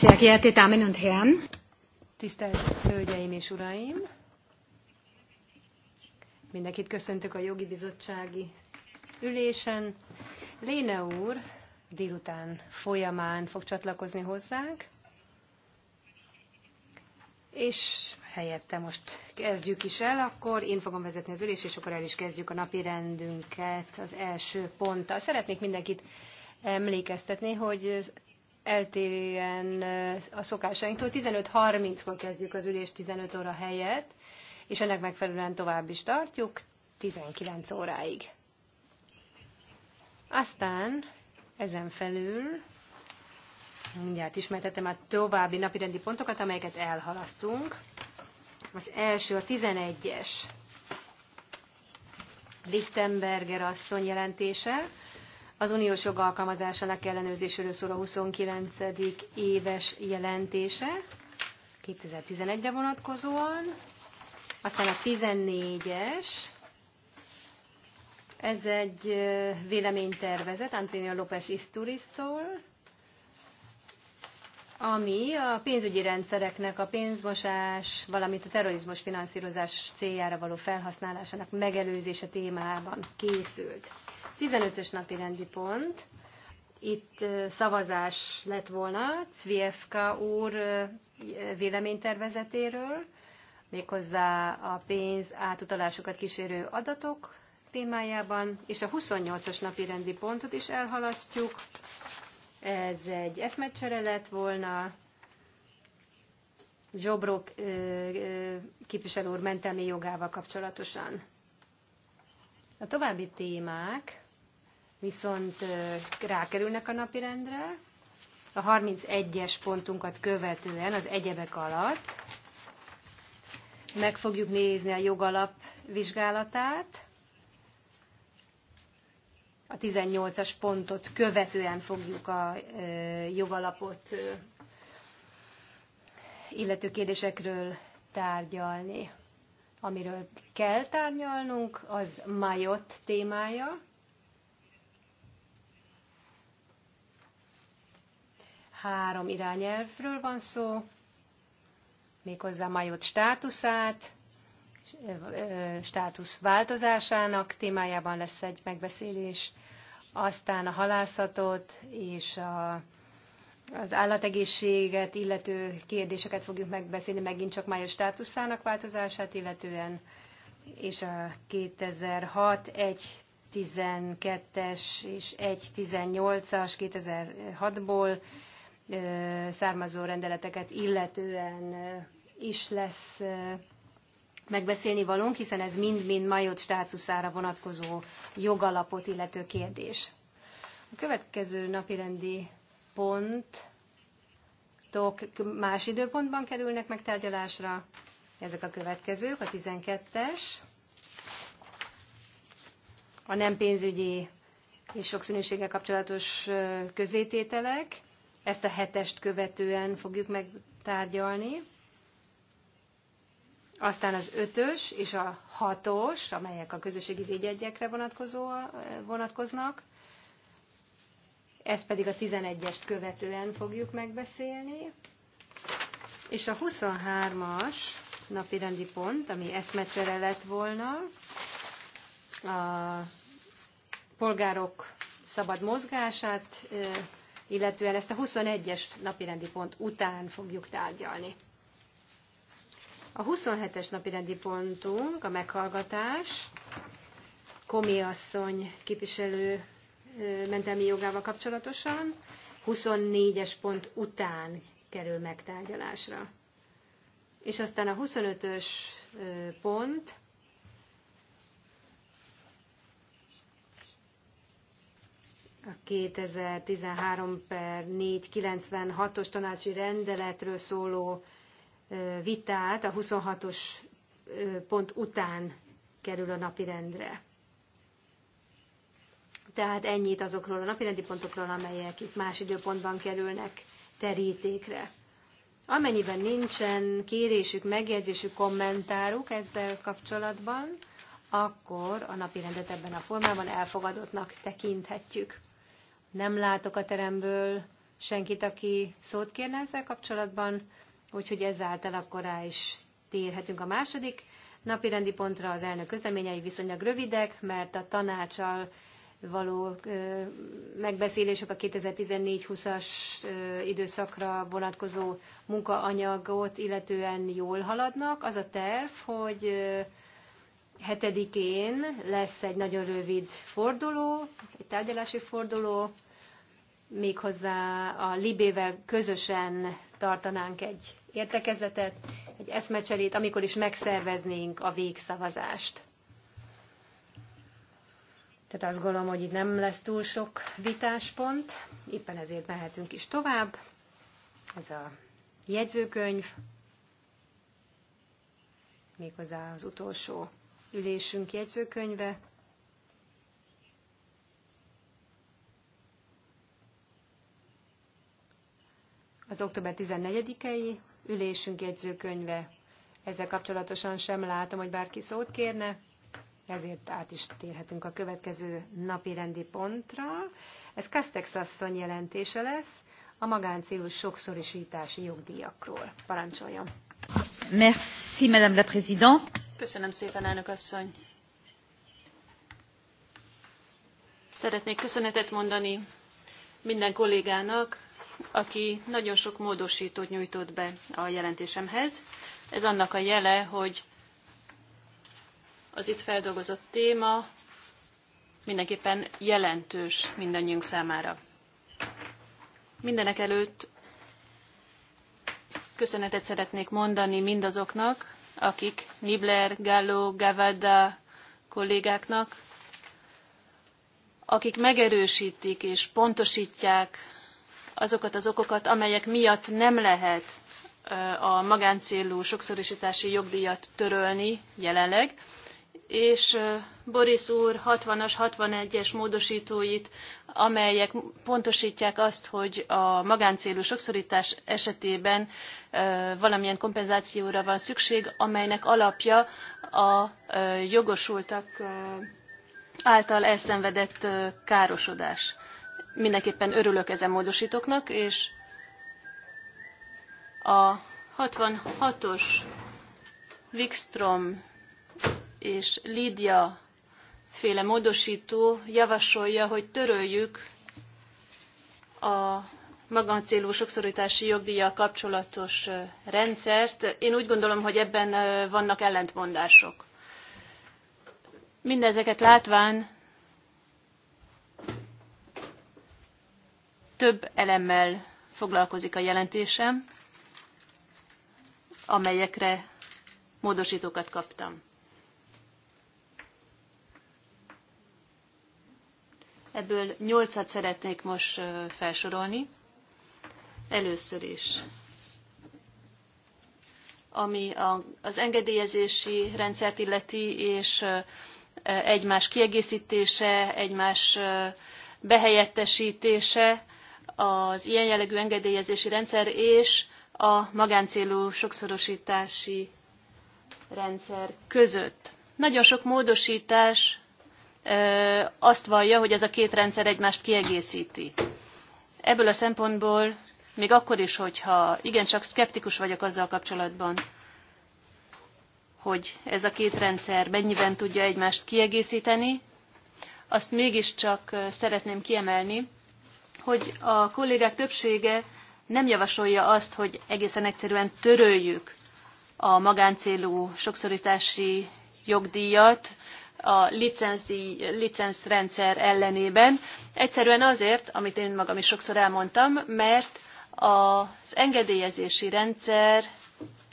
Sehr geehrte Damen und Herren! Tisztelt Hölgyeim és Uraim! Mindenkit köszöntök a jogi bizottsági ülésen. Léne úr délután folyamán fog csatlakozni hozzánk, és helyette most kezdjük is el, akkor én fogom vezetni az ülést, és akkor el is kezdjük a napi rendünket az első ponttal. Szeretnék mindenkit emlékeztetni, hogy eltérően a szokásainktól 15.30-kor kezdjük az ülést 15 óra helyett, és ennek megfelelően tovább is tartjuk 19 óráig. Aztán ezen felül mindjárt ismertetem a további napirendi pontokat, amelyeket elhalasztunk. Az első a 11-es Lichtenberger asszony jelentése, az uniós jog alkalmazásának ellenőrzéséről szól a 29. éves jelentése, 2011-re vonatkozóan, aztán a 14-es, ez egy véleménytervezet Antonio López Isturistól, ami a pénzügyi rendszereknek a pénzmosás, valamint a terrorizmus finanszírozás céljára való felhasználásának megelőzése témában készült. 15-ös napi rendi pont. Itt szavazás lett volna Cviefka úr véleménytervezetéről, méghozzá a pénz átutalásokat kísérő adatok témájában, és a 28 os napi rendi pontot is elhalasztjuk. Ez egy eszmecsere lett volna. Zsobrok képviselő úr mentelmi jogával kapcsolatosan. A további témák viszont rákerülnek a napirendre. A 31-es pontunkat követően az egyebek alatt meg fogjuk nézni a jogalap vizsgálatát. A 18-as pontot követően fogjuk a jogalapot illető kérdésekről tárgyalni. Amiről kell tárgyalnunk, az Majot témája Három irányelvről van szó, méghozzá majot státuszát, státusz változásának témájában lesz egy megbeszélés, aztán a halászatot és a, az állategészséget illető kérdéseket fogjuk megbeszélni, megint csak május státuszának változását illetően, és a 2006 12 es és 1.18-as 2006-ból származó rendeleteket illetően is lesz megbeszélni valónk, hiszen ez mind-mind majot státuszára vonatkozó jogalapot illető kérdés. A következő napirendi pontok más időpontban kerülnek megtárgyalásra. Ezek a következők, a 12-es, a nem pénzügyi és sokszínűséggel kapcsolatos közétételek, ezt a hetest követően fogjuk megtárgyalni. Aztán az ötös és a hatos, amelyek a közösségi védjegyekre vonatkozó, vonatkoznak. Ezt pedig a 11-est követően fogjuk megbeszélni. És a 23-as rendi pont, ami eszmecsere lett volna, a polgárok szabad mozgását illetően ezt a 21-es napirendi pont után fogjuk tárgyalni. A 27-es napirendi pontunk a meghallgatás, Komi asszony képviselő mentelmi jogával kapcsolatosan, 24-es pont után kerül megtárgyalásra. És aztán a 25-ös pont a 2013 per 496-os tanácsi rendeletről szóló vitát a 26-os pont után kerül a napirendre. Tehát ennyit azokról a napirendi pontokról, amelyek itt más időpontban kerülnek terítékre. Amennyiben nincsen kérésük, megjegyzésük, kommentáruk ezzel kapcsolatban, akkor a napirendet ebben a formában elfogadottnak tekinthetjük nem látok a teremből senkit, aki szót kérne ezzel kapcsolatban, úgyhogy ezáltal akkor rá is térhetünk a második napirendi pontra. Az elnök közleményei viszonylag rövidek, mert a tanácsal való megbeszélések a 2014-20-as időszakra vonatkozó munkaanyagot illetően jól haladnak. Az a terv, hogy 7-én lesz egy nagyon rövid forduló, egy tárgyalási forduló, méghozzá a Libével közösen tartanánk egy értekezletet, egy eszmecserét, amikor is megszerveznénk a végszavazást. Tehát azt gondolom, hogy itt nem lesz túl sok vitáspont, éppen ezért mehetünk is tovább. Ez a jegyzőkönyv, méghozzá az utolsó ülésünk jegyzőkönyve. Az október 14-i ülésünk jegyzőkönyve. Ezzel kapcsolatosan sem látom, hogy bárki szót kérne, ezért át is térhetünk a következő napi rendi pontra. Ez Kastex asszony jelentése lesz a magáncélú sokszorisítási jogdíjakról. Parancsoljon! Merci, Madame la Présidente. Köszönöm szépen, elnök asszony. Szeretnék köszönetet mondani minden kollégának, aki nagyon sok módosítót nyújtott be a jelentésemhez. Ez annak a jele, hogy az itt feldolgozott téma mindenképpen jelentős mindannyiunk számára. Mindenek előtt köszönetet szeretnék mondani mindazoknak, akik Nibler, Gallo, Gavada kollégáknak, akik megerősítik és pontosítják azokat az okokat, amelyek miatt nem lehet a magáncélú sokszorosítási jogdíjat törölni jelenleg, és Boris úr 60-as, 61-es módosítóit, amelyek pontosítják azt, hogy a magáncélú sokszorítás esetében valamilyen kompenzációra van szükség, amelynek alapja a jogosultak által elszenvedett károsodás. Mindenképpen örülök ezen módosítóknak, és a 66-os Wikstrom és Lídia féle módosító javasolja, hogy töröljük a magancélú sokszorítási jogdíjjal kapcsolatos rendszert. Én úgy gondolom, hogy ebben vannak ellentmondások. Mindezeket látván több elemmel foglalkozik a jelentésem, amelyekre módosítókat kaptam. Ebből nyolcat szeretnék most felsorolni. Először is, ami az engedélyezési rendszert illeti, és egymás kiegészítése, egymás behelyettesítése, az ilyen jellegű engedélyezési rendszer és a magáncélú sokszorosítási rendszer között. Nagyon sok módosítás azt vallja, hogy ez a két rendszer egymást kiegészíti. Ebből a szempontból, még akkor is, hogyha igencsak szkeptikus vagyok azzal kapcsolatban, hogy ez a két rendszer mennyiben tudja egymást kiegészíteni, azt mégiscsak szeretném kiemelni, hogy a kollégák többsége nem javasolja azt, hogy egészen egyszerűen töröljük a magáncélú sokszorítási jogdíjat, a licencrendszer ellenében. Egyszerűen azért, amit én magam is sokszor elmondtam, mert az engedélyezési rendszer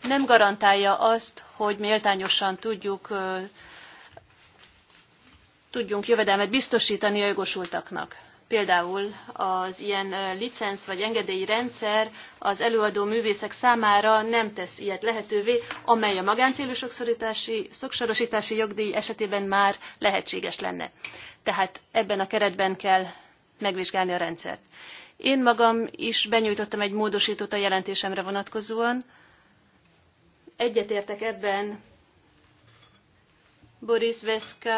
nem garantálja azt, hogy méltányosan tudjuk, tudjunk jövedelmet biztosítani a jogosultaknak. Például az ilyen licenc vagy engedélyi rendszer az előadó művészek számára nem tesz ilyet lehetővé, amely a magáncélú szoksorosítási jogdíj esetében már lehetséges lenne. Tehát ebben a keretben kell megvizsgálni a rendszert. Én magam is benyújtottam egy módosítót a jelentésemre vonatkozóan. Egyetértek ebben Boris Veszka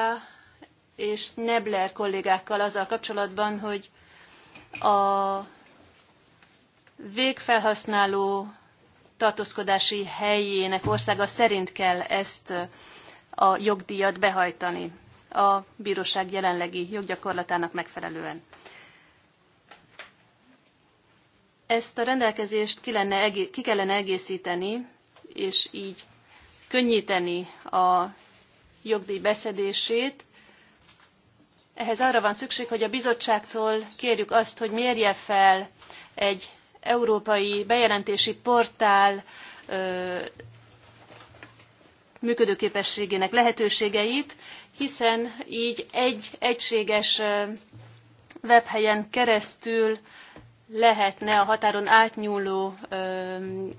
és Nebler kollégákkal azzal kapcsolatban, hogy a végfelhasználó tartózkodási helyének országa szerint kell ezt a jogdíjat behajtani a bíróság jelenlegi joggyakorlatának megfelelően. Ezt a rendelkezést ki, lenne, ki kellene egészíteni, és így könnyíteni a jogdíj beszedését, ehhez arra van szükség, hogy a bizottságtól kérjük azt, hogy mérje fel egy európai bejelentési portál működőképességének lehetőségeit, hiszen így egy egységes webhelyen keresztül lehetne a határon átnyúló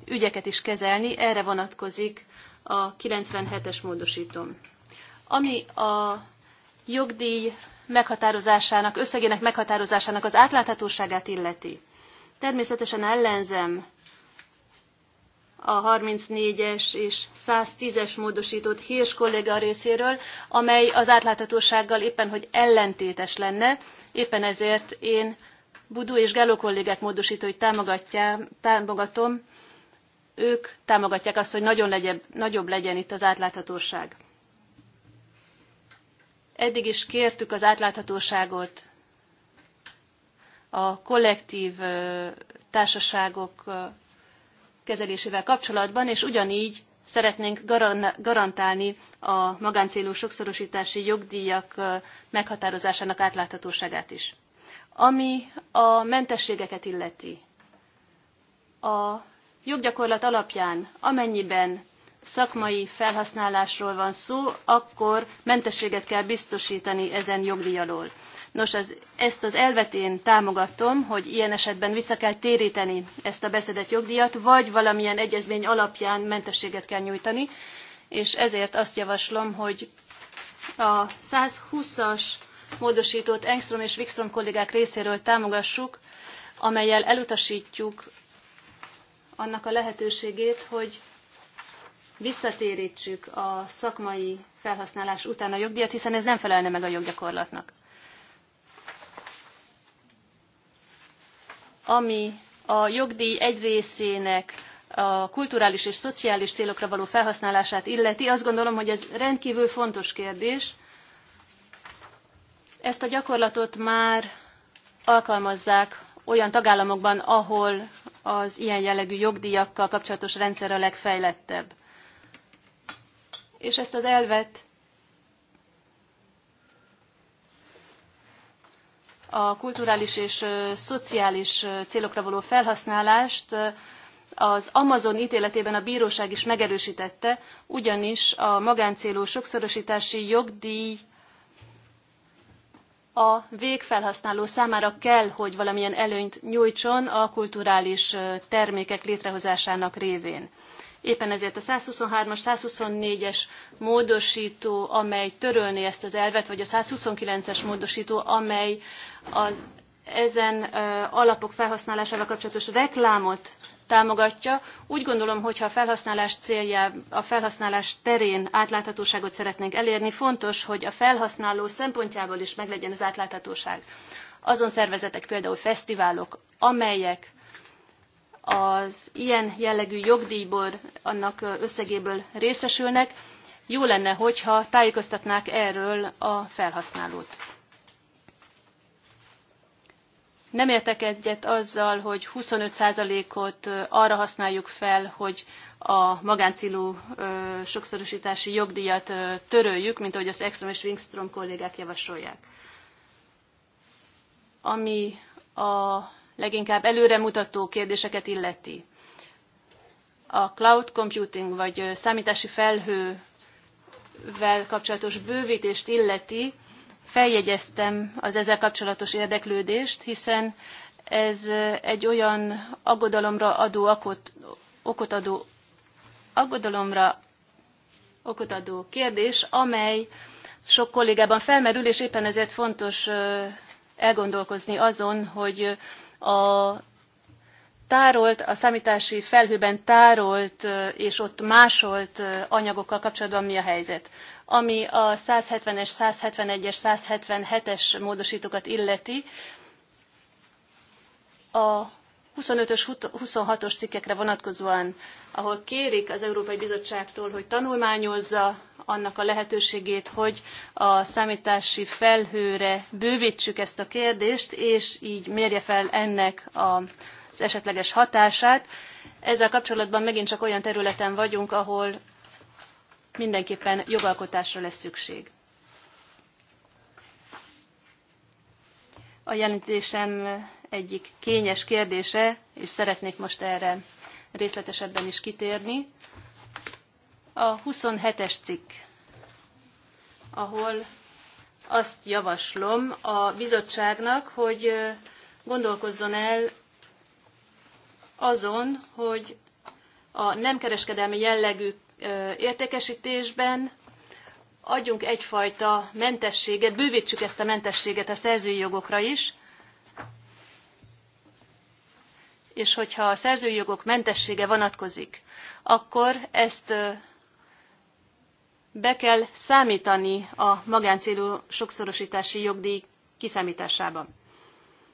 ügyeket is kezelni, erre vonatkozik a 97-es módosítom. Ami a jogdíj meghatározásának, összegének meghatározásának az átláthatóságát illeti. Természetesen ellenzem a 34-es és 110-es módosított Hírs kolléga részéről, amely az átláthatósággal éppen, hogy ellentétes lenne. Éppen ezért én Budó és Gáló kollégák módosítóit támogatom. Ők támogatják azt, hogy nagyon legyen, nagyobb legyen itt az átláthatóság. Eddig is kértük az átláthatóságot a kollektív társaságok kezelésével kapcsolatban, és ugyanígy szeretnénk garantálni a magáncélú sokszorosítási jogdíjak meghatározásának átláthatóságát is. Ami a mentességeket illeti, a joggyakorlat alapján, amennyiben szakmai felhasználásról van szó, akkor mentességet kell biztosítani ezen jogdíj alól. Nos, az, ezt az elvet én támogatom, hogy ilyen esetben vissza kell téríteni ezt a beszedett jogdíjat, vagy valamilyen egyezmény alapján mentességet kell nyújtani, és ezért azt javaslom, hogy a 120-as módosítót Engström és Wikström kollégák részéről támogassuk, amelyel elutasítjuk annak a lehetőségét, hogy visszatérítsük a szakmai felhasználás után a jogdíjat, hiszen ez nem felelne meg a joggyakorlatnak. Ami a jogdíj egy részének a kulturális és szociális célokra való felhasználását illeti, azt gondolom, hogy ez rendkívül fontos kérdés. Ezt a gyakorlatot már alkalmazzák olyan tagállamokban, ahol az ilyen jellegű jogdíjakkal kapcsolatos rendszer a legfejlettebb és ezt az elvet a kulturális és szociális célokra való felhasználást az Amazon ítéletében a bíróság is megerősítette, ugyanis a magáncélú sokszorosítási jogdíj a végfelhasználó számára kell, hogy valamilyen előnyt nyújtson a kulturális termékek létrehozásának révén. Éppen ezért a 123-as, 124-es módosító, amely törölni ezt az elvet, vagy a 129-es módosító, amely az ezen alapok felhasználásával kapcsolatos reklámot támogatja. Úgy gondolom, hogy ha a felhasználás célja, a felhasználás terén átláthatóságot szeretnénk elérni, fontos, hogy a felhasználó szempontjából is meglegyen az átláthatóság. Azon szervezetek, például fesztiválok, amelyek az ilyen jellegű jogdíjból, annak összegéből részesülnek, jó lenne, hogyha tájékoztatnák erről a felhasználót. Nem értek egyet azzal, hogy 25%-ot arra használjuk fel, hogy a magáncélú sokszorosítási jogdíjat töröljük, mint ahogy az Exxon és Wingstrom kollégák javasolják. Ami a leginkább előremutató kérdéseket illeti. A cloud computing vagy számítási felhővel kapcsolatos bővítést illeti, feljegyeztem az ezzel kapcsolatos érdeklődést, hiszen ez egy olyan aggodalomra adó akot, okot adó aggodalomra okot adó kérdés, amely sok kollégában felmerül, és éppen ezért fontos elgondolkozni azon, hogy a tárolt, a számítási felhőben tárolt és ott másolt anyagokkal kapcsolatban mi a helyzet. Ami a 170-es, 171-es, 177-es módosítókat illeti, a 25-ös, 26-os cikkekre vonatkozóan, ahol kérik az Európai Bizottságtól, hogy tanulmányozza annak a lehetőségét, hogy a számítási felhőre bővítsük ezt a kérdést, és így mérje fel ennek az esetleges hatását. Ezzel kapcsolatban megint csak olyan területen vagyunk, ahol mindenképpen jogalkotásra lesz szükség. A jelentésem egyik kényes kérdése, és szeretnék most erre részletesebben is kitérni. A 27-es cikk, ahol azt javaslom a bizottságnak, hogy gondolkozzon el azon, hogy a nem kereskedelmi jellegű értékesítésben adjunk egyfajta mentességet, bővítsük ezt a mentességet a szerzői jogokra is, és hogyha a szerzői jogok mentessége vonatkozik, akkor ezt be kell számítani a magáncélú sokszorosítási jogdíj kiszámításába.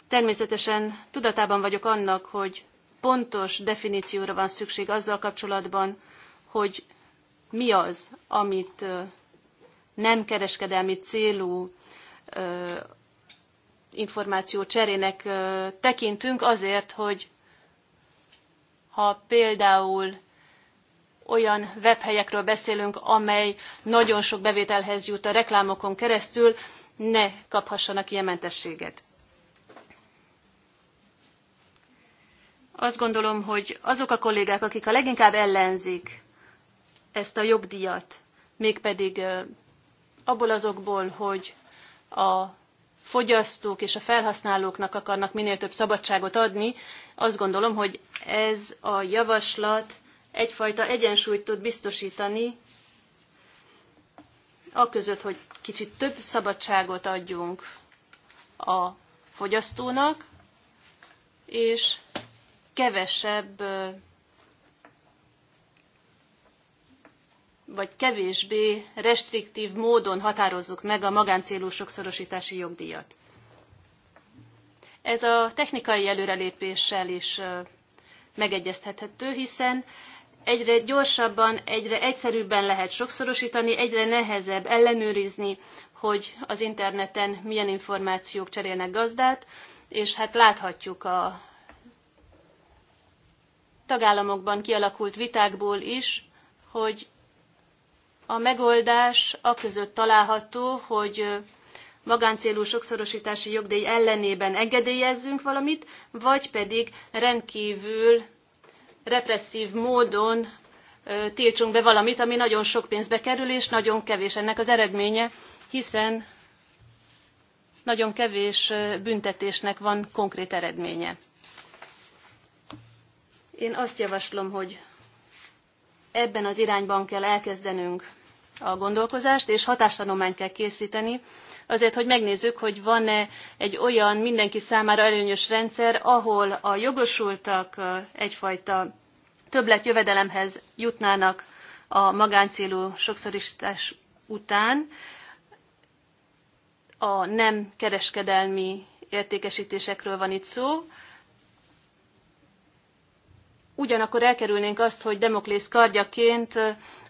Természetesen tudatában vagyok annak, hogy pontos definícióra van szükség azzal kapcsolatban, hogy mi az, amit nem kereskedelmi célú információ cserének tekintünk azért, hogy ha például olyan webhelyekről beszélünk, amely nagyon sok bevételhez jut a reklámokon keresztül, ne kaphassanak ilyen mentességet. Azt gondolom, hogy azok a kollégák, akik a leginkább ellenzik ezt a jogdíjat, mégpedig abból azokból, hogy a fogyasztók és a felhasználóknak akarnak minél több szabadságot adni, azt gondolom, hogy ez a javaslat egyfajta egyensúlyt tud biztosítani, aközött, hogy kicsit több szabadságot adjunk a fogyasztónak, és kevesebb vagy kevésbé restriktív módon határozzuk meg a magáncélú sokszorosítási jogdíjat. Ez a technikai előrelépéssel is megegyezthethető, hiszen egyre gyorsabban, egyre egyszerűbben lehet sokszorosítani, egyre nehezebb ellenőrizni, hogy az interneten milyen információk cserélnek gazdát, és hát láthatjuk a tagállamokban kialakult vitákból is, hogy a megoldás aközött található, hogy magáncélú sokszorosítási jogdíj ellenében engedélyezzünk valamit, vagy pedig rendkívül represszív módon tiltsunk be valamit, ami nagyon sok pénzbe kerül, és nagyon kevés ennek az eredménye, hiszen nagyon kevés büntetésnek van konkrét eredménye. Én azt javaslom, hogy ebben az irányban kell elkezdenünk a gondolkozást, és hatástanományt kell készíteni, azért, hogy megnézzük, hogy van-e egy olyan mindenki számára előnyös rendszer, ahol a jogosultak egyfajta többletjövedelemhez jutnának a magáncélú sokszorítás után, a nem kereskedelmi értékesítésekről van itt szó, ugyanakkor elkerülnénk azt, hogy demoklész kardjaként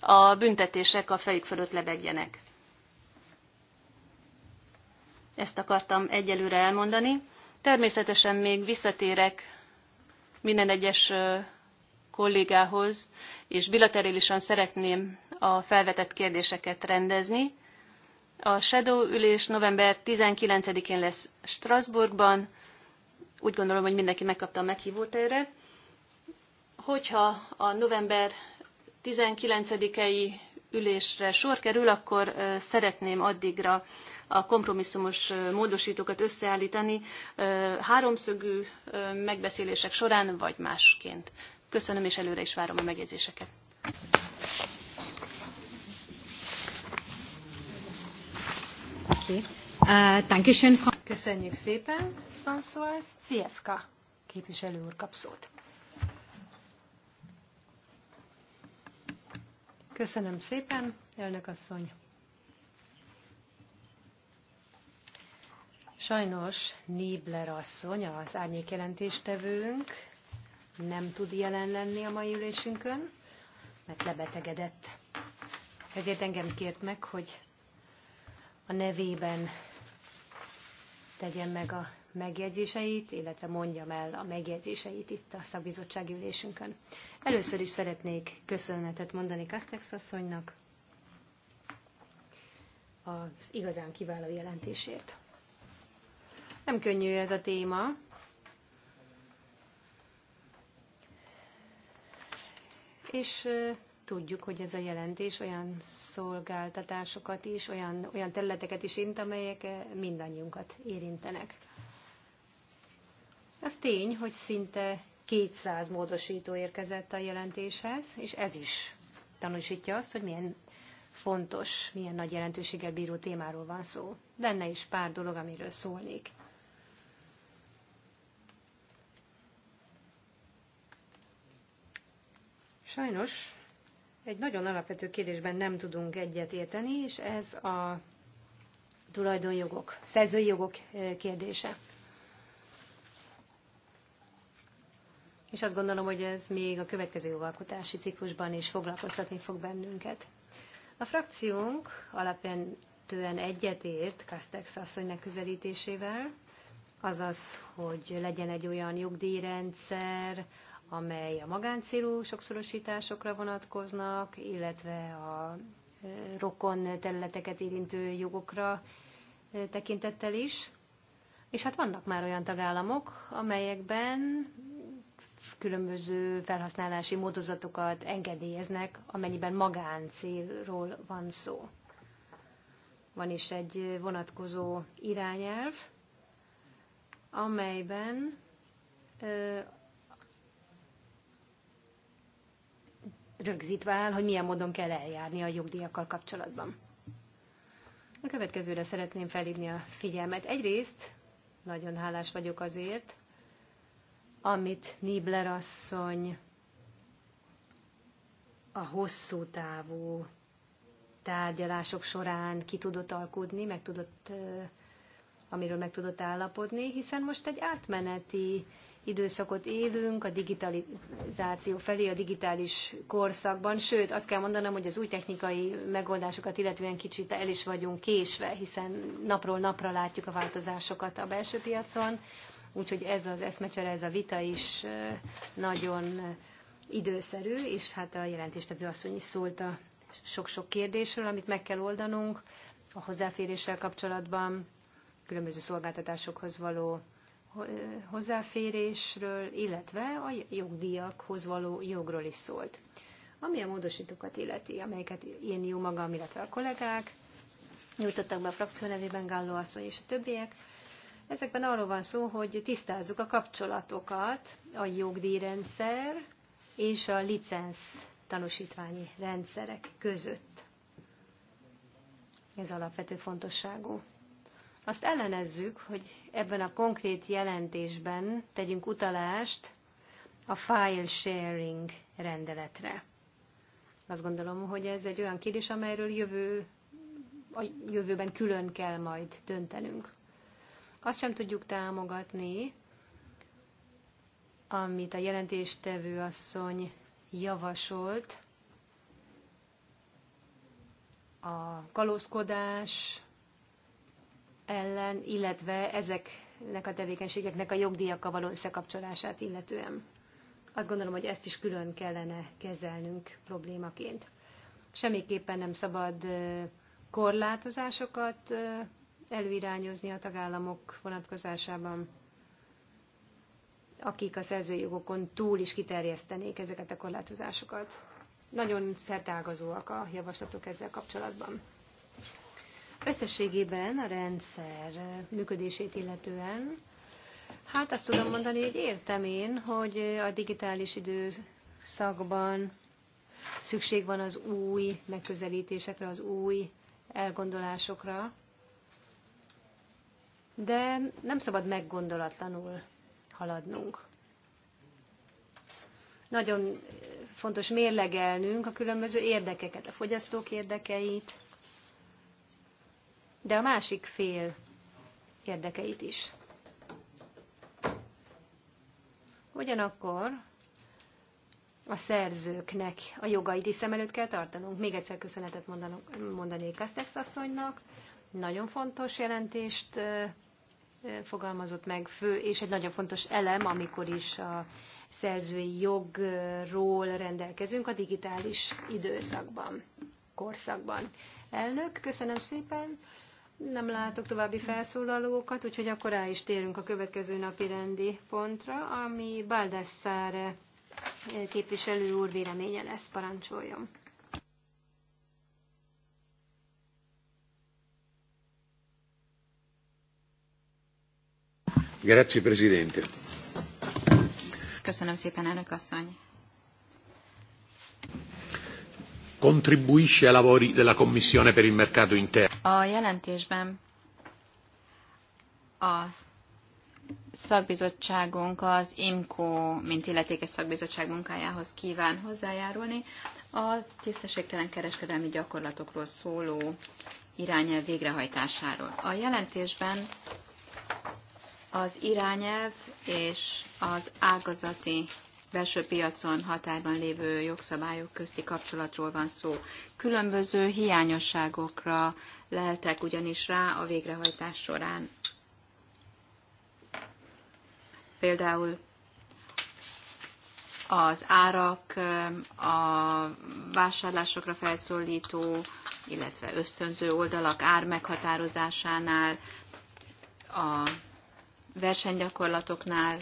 a büntetések a fejük fölött lebegjenek. Ezt akartam egyelőre elmondani. Természetesen még visszatérek minden egyes kollégához, és bilaterálisan szeretném a felvetett kérdéseket rendezni. A Shadow ülés november 19-én lesz Strasbourgban. Úgy gondolom, hogy mindenki megkapta a meghívót erre hogyha a november 19-i ülésre sor kerül, akkor szeretném addigra a kompromisszumos módosítókat összeállítani háromszögű megbeszélések során, vagy másként. Köszönöm, és előre is várom a megjegyzéseket. Köszönjük szépen, François Cievka képviselő úr kap szót. Köszönöm szépen, elnök asszony. Sajnos Nébler asszony, az árnyék jelentéstevőnk nem tud jelen lenni a mai ülésünkön, mert lebetegedett. Ezért engem kért meg, hogy a nevében tegyen meg a megjegyzéseit, illetve mondjam el a megjegyzéseit itt a szakbizottsági ülésünkön. Először is szeretnék köszönetet mondani Kastex asszonynak az igazán kiváló jelentésért. Nem könnyű ez a téma, és tudjuk, hogy ez a jelentés olyan szolgáltatásokat is, olyan, olyan területeket is int, amelyek mindannyiunkat érintenek. Az tény, hogy szinte 200 módosító érkezett a jelentéshez, és ez is tanúsítja azt, hogy milyen fontos, milyen nagy jelentőséggel bíró témáról van szó. Lenne is pár dolog, amiről szólnék. Sajnos egy nagyon alapvető kérdésben nem tudunk egyet érteni, és ez a tulajdonjogok, szerzői jogok eh, kérdése. és azt gondolom, hogy ez még a következő jogalkotási ciklusban is foglalkoztatni fog bennünket. A frakciónk alapvetően egyetért Kastex asszony megközelítésével, azaz, hogy legyen egy olyan jogdíjrendszer, amely a magáncélú sokszorosításokra vonatkoznak, illetve a rokon területeket érintő jogokra tekintettel is. És hát vannak már olyan tagállamok, amelyekben különböző felhasználási módozatokat engedélyeznek, amennyiben magáncélról van szó. Van is egy vonatkozó irányelv, amelyben rögzítve áll, hogy milyen módon kell eljárni a jogdíjakkal kapcsolatban. A következőre szeretném felhívni a figyelmet. Egyrészt nagyon hálás vagyok azért, amit Nibler asszony a hosszú távú tárgyalások során ki tudott alkudni, meg tudott, amiről meg tudott állapodni, hiszen most egy átmeneti időszakot élünk a digitalizáció felé, a digitális korszakban, sőt, azt kell mondanom, hogy az új technikai megoldásokat illetően kicsit el is vagyunk késve, hiszen napról napra látjuk a változásokat a belső piacon, Úgyhogy ez az eszmecsere, ez a vita is nagyon időszerű, és hát a jelentéstevő asszony is szólt a sok-sok kérdésről, amit meg kell oldanunk a hozzáféréssel kapcsolatban, különböző szolgáltatásokhoz való hozzáférésről, illetve a jogdíjakhoz való jogról is szólt. Ami a módosítókat illeti, amelyeket én jó magam, illetve a kollégák, nyújtottak be a frakció nevében Gálló asszony és a többiek, Ezekben arról van szó, hogy tisztázzuk a kapcsolatokat a jogdíjrendszer és a licensz tanúsítványi rendszerek között. Ez alapvető fontosságú. Azt ellenezzük, hogy ebben a konkrét jelentésben tegyünk utalást a file sharing rendeletre. Azt gondolom, hogy ez egy olyan kérdés, amelyről jövő, a jövőben külön kell majd döntenünk. Azt sem tudjuk támogatni, amit a jelentéstevő asszony javasolt, a kalózkodás ellen, illetve ezeknek a tevékenységeknek a jogdíjakkal való összekapcsolását illetően. Azt gondolom, hogy ezt is külön kellene kezelnünk problémaként. Semmiképpen nem szabad korlátozásokat előirányozni a tagállamok vonatkozásában, akik a szerzőjogokon túl is kiterjesztenék ezeket a korlátozásokat. Nagyon szertágazóak a javaslatok ezzel kapcsolatban. Összességében a rendszer működését illetően, hát azt tudom mondani, hogy értem én, hogy a digitális időszakban szükség van az új megközelítésekre, az új elgondolásokra, de nem szabad meggondolatlanul haladnunk. Nagyon fontos mérlegelnünk a különböző érdekeket, a fogyasztók érdekeit, de a másik fél érdekeit is. Ugyanakkor a szerzőknek a jogait is szem előtt kell tartanunk. Még egyszer köszönetet mondanék Kastex asszonynak. Nagyon fontos jelentést fogalmazott meg fő, és egy nagyon fontos elem, amikor is a szerzői jogról rendelkezünk a digitális időszakban, korszakban. Elnök, köszönöm szépen. Nem látok további felszólalókat, úgyhogy akkor rá is térünk a következő napi rendi pontra, ami Baldessare képviselő úr véleménye lesz. Parancsoljon. Grazie, Presidente. Köszönöm szépen, elnök asszony. Contribuisce a lavori della Commissione per il mercato interno. A jelentésben a szakbizottságunk az IMCO, mint illetékes szakbizottság munkájához kíván hozzájárulni. A tisztességtelen kereskedelmi gyakorlatokról szóló irányelv végrehajtásáról. A jelentésben az irányelv és az ágazati belső piacon hatályban lévő jogszabályok közti kapcsolatról van szó. Különböző hiányosságokra leltek ugyanis rá a végrehajtás során. Például az árak, a vásárlásokra felszólító, illetve ösztönző oldalak ár meghatározásánál a versenygyakorlatoknál,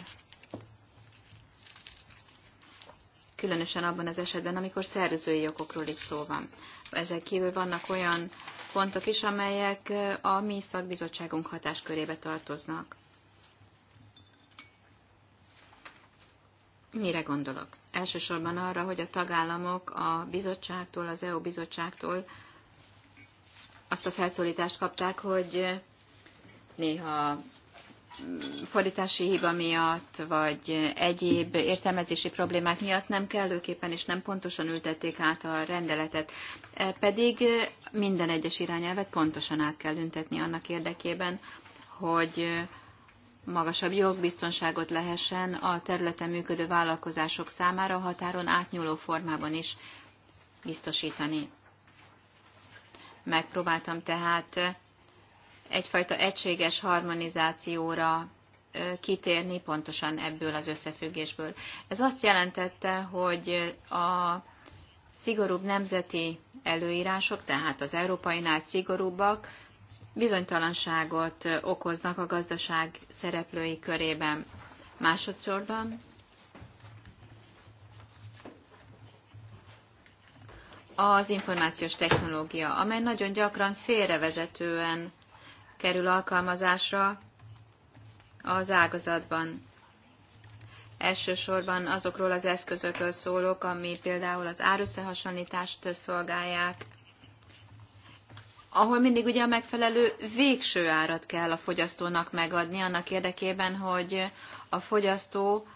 különösen abban az esetben, amikor szerzői jogokról is szó van. Ezek kívül vannak olyan pontok is, amelyek a mi szakbizottságunk hatáskörébe tartoznak. Mire gondolok? Elsősorban arra, hogy a tagállamok a bizottságtól, az EU bizottságtól azt a felszólítást kapták, hogy néha fordítási hiba miatt, vagy egyéb értelmezési problémák miatt nem kellőképpen és nem pontosan ültették át a rendeletet. E, pedig minden egyes irányelvet pontosan át kell ültetni annak érdekében, hogy magasabb jogbiztonságot lehessen a területen működő vállalkozások számára határon átnyúló formában is biztosítani. Megpróbáltam tehát egyfajta egységes harmonizációra kitérni pontosan ebből az összefüggésből. Ez azt jelentette, hogy a szigorúbb nemzeti előírások, tehát az európainál szigorúbbak, bizonytalanságot okoznak a gazdaság szereplői körében. Másodszorban az információs technológia, amely nagyon gyakran félrevezetően kerül alkalmazásra az ágazatban. Elsősorban azokról az eszközökről szólok, ami például az árösszehasonlítást szolgálják, ahol mindig ugye a megfelelő végső árat kell a fogyasztónak megadni, annak érdekében, hogy a fogyasztó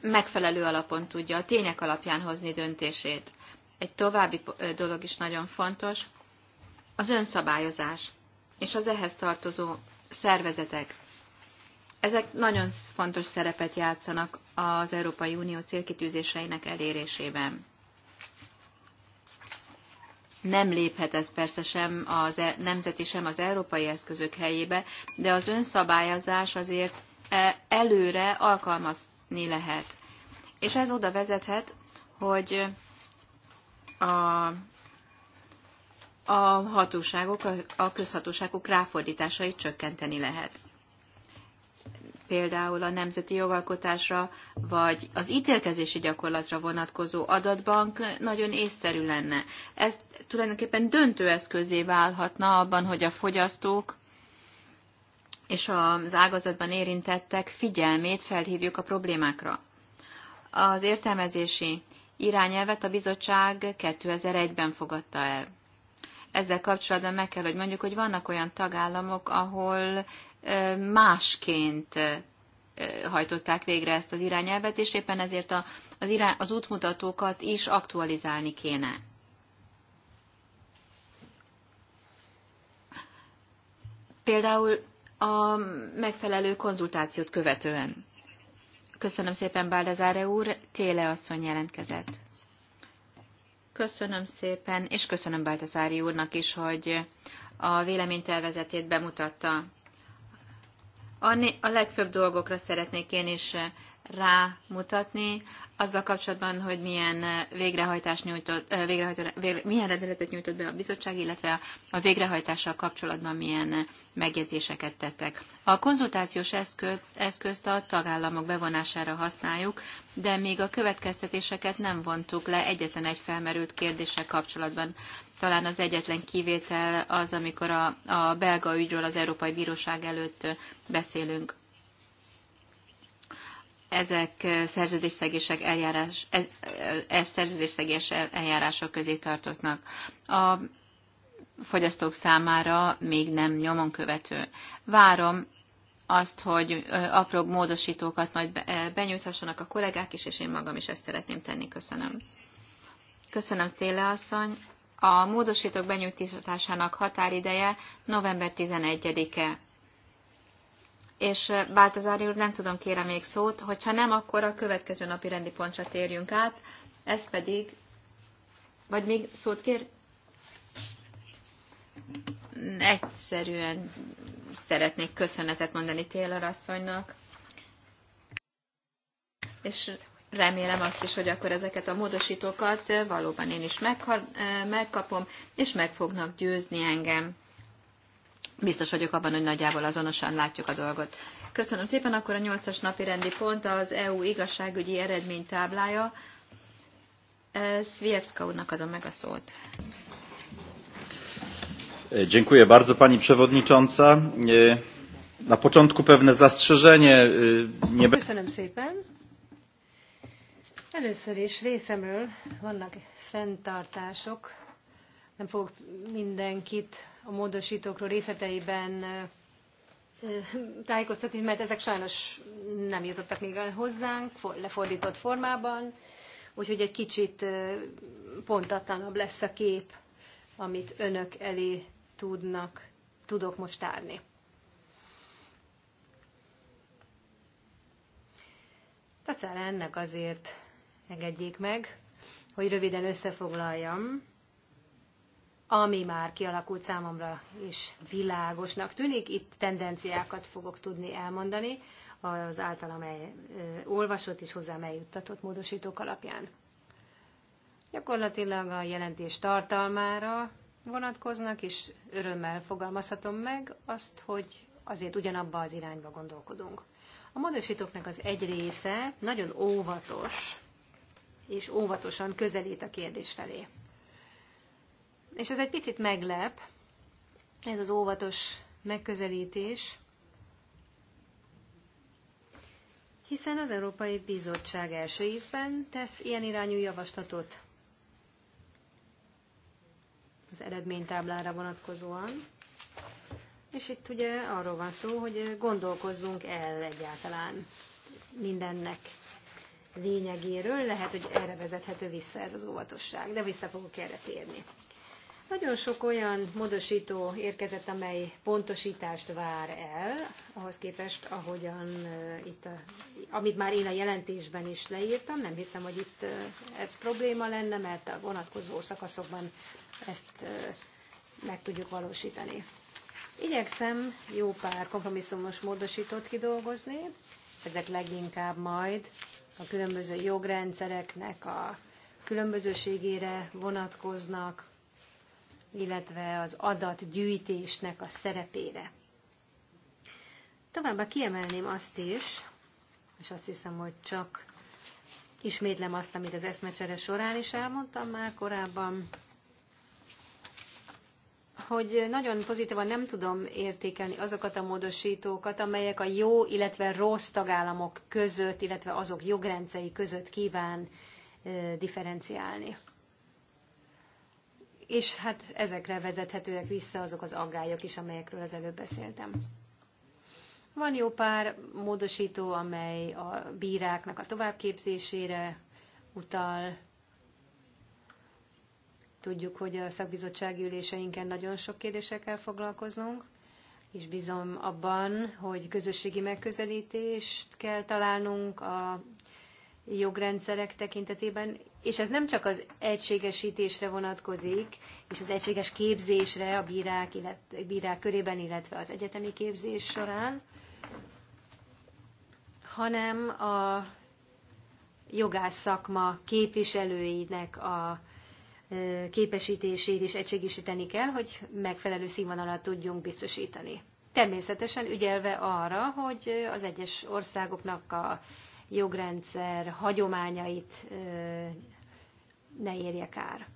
megfelelő alapon tudja a tények alapján hozni döntését. Egy további dolog is nagyon fontos, az önszabályozás és az ehhez tartozó szervezetek. Ezek nagyon fontos szerepet játszanak az Európai Unió célkitűzéseinek elérésében. Nem léphet ez persze sem az e- nemzeti, sem az európai eszközök helyébe, de az önszabályozás azért e- előre alkalmazni lehet. És ez oda vezethet, hogy a a hatóságok, a közhatóságok ráfordításait csökkenteni lehet. Például a nemzeti jogalkotásra, vagy az ítélkezési gyakorlatra vonatkozó adatbank nagyon észszerű lenne. Ez tulajdonképpen döntő eszközé válhatna abban, hogy a fogyasztók és az ágazatban érintettek figyelmét felhívjuk a problémákra. Az értelmezési irányelvet a bizottság 2001-ben fogadta el ezzel kapcsolatban meg kell, hogy mondjuk, hogy vannak olyan tagállamok, ahol másként hajtották végre ezt az irányelvet, és éppen ezért a, az, irány, az útmutatókat is aktualizálni kéne. Például a megfelelő konzultációt követően. Köszönöm szépen, Báldezáre úr, Téle asszony jelentkezett. Köszönöm szépen, és köszönöm Baltazári úrnak is, hogy a véleménytervezetét bemutatta. A, a legfőbb dolgokra szeretnék én is rámutatni azzal kapcsolatban, hogy milyen eh, végrehajtás nyújtott, eh, végrehajtó, végre, milyen rendeletet nyújtott be a bizottság, illetve a végrehajtással kapcsolatban milyen eh, megjegyzéseket tettek. A konzultációs eszköz, eszközt a tagállamok bevonására használjuk, de még a következtetéseket nem vontuk le egyetlen egy felmerült kérdéssel kapcsolatban. Talán az egyetlen kivétel az, amikor a, a belga ügyről az Európai Bíróság előtt beszélünk ezek eh, szerződésszegések eljárás, ez, eh, ez szerződésszegés eljárások közé tartoznak. A fogyasztók számára még nem nyomon követő. Várom azt, hogy eh, apró módosítókat majd benyújthassanak a kollégák is, és én magam is ezt szeretném tenni. Köszönöm. Köszönöm, Téle asszony. A módosítók benyújtásának határideje november 11-e és Báltazári úr, nem tudom, kérem még szót, hogyha nem, akkor a következő napi rendi pontra térjünk át, ez pedig, vagy még szót kér? Egyszerűen szeretnék köszönetet mondani Taylor asszonynak, és remélem azt is, hogy akkor ezeket a módosítókat valóban én is megkapom, és meg fognak győzni engem. Biztos vagyok abban, hogy nagyjából azonosan látjuk a dolgot. Köszönöm szépen, akkor a nyolcas napi rendi pont az EU igazságügyi eredménytáblája. E, Swiewska úrnak adom meg a szót. E, dziękuję bardzo Pani Przewodnicząca. E, na początku pewne zastrzeżenie. Nie... Köszönöm szépen. Először is részemről vannak fenntartások nem fogok mindenkit a módosítókról részleteiben tájékoztatni, mert ezek sajnos nem jutottak még el hozzánk, lefordított formában, úgyhogy egy kicsit pontatlanabb lesz a kép, amit önök elé tudnak, tudok most tárni. Tehát ennek azért engedjék meg, hogy röviden összefoglaljam ami már kialakult számomra és világosnak tűnik. Itt tendenciákat fogok tudni elmondani az általam el, olvasott és hozzám eljuttatott módosítók alapján. Gyakorlatilag a jelentés tartalmára vonatkoznak, és örömmel fogalmazhatom meg azt, hogy azért ugyanabba az irányba gondolkodunk. A módosítóknak az egy része nagyon óvatos, és óvatosan közelít a kérdés felé. És ez egy picit meglep, ez az óvatos megközelítés, hiszen az Európai Bizottság első ízben tesz ilyen irányú javaslatot az eredménytáblára vonatkozóan. És itt ugye arról van szó, hogy gondolkozzunk el egyáltalán mindennek lényegéről. Lehet, hogy erre vezethető vissza ez az óvatosság, de vissza fogok erre térni. Nagyon sok olyan módosító érkezett, amely pontosítást vár el, ahhoz képest, ahogyan itt, a, amit már én a jelentésben is leírtam, nem hiszem, hogy itt ez probléma lenne, mert a vonatkozó szakaszokban ezt meg tudjuk valósítani. Igyekszem jó pár kompromisszumos módosítót kidolgozni, ezek leginkább majd a különböző jogrendszereknek a különbözőségére vonatkoznak, illetve az adatgyűjtésnek a szerepére. Továbbá kiemelném azt is, és azt hiszem, hogy csak ismétlem azt, amit az eszmecsere során is elmondtam már korábban, hogy nagyon pozitívan nem tudom értékelni azokat a módosítókat, amelyek a jó, illetve rossz tagállamok között, illetve azok jogrendszei között kíván differenciálni és hát ezekre vezethetőek vissza azok az aggályok is, amelyekről az előbb beszéltem. Van jó pár módosító, amely a bíráknak a továbbképzésére utal. Tudjuk, hogy a szakbizottsági üléseinken nagyon sok kérdésekkel foglalkoznunk, és bízom abban, hogy közösségi megközelítést kell találnunk a jogrendszerek tekintetében, és ez nem csak az egységesítésre vonatkozik, és az egységes képzésre a bírák, illetve, bírák körében, illetve az egyetemi képzés során, hanem a jogász szakma képviselőinek a képesítését is egységesíteni kell, hogy megfelelő színvonalat tudjunk biztosítani. Természetesen ügyelve arra, hogy az egyes országoknak a jogrendszer hagyományait ne érje kár.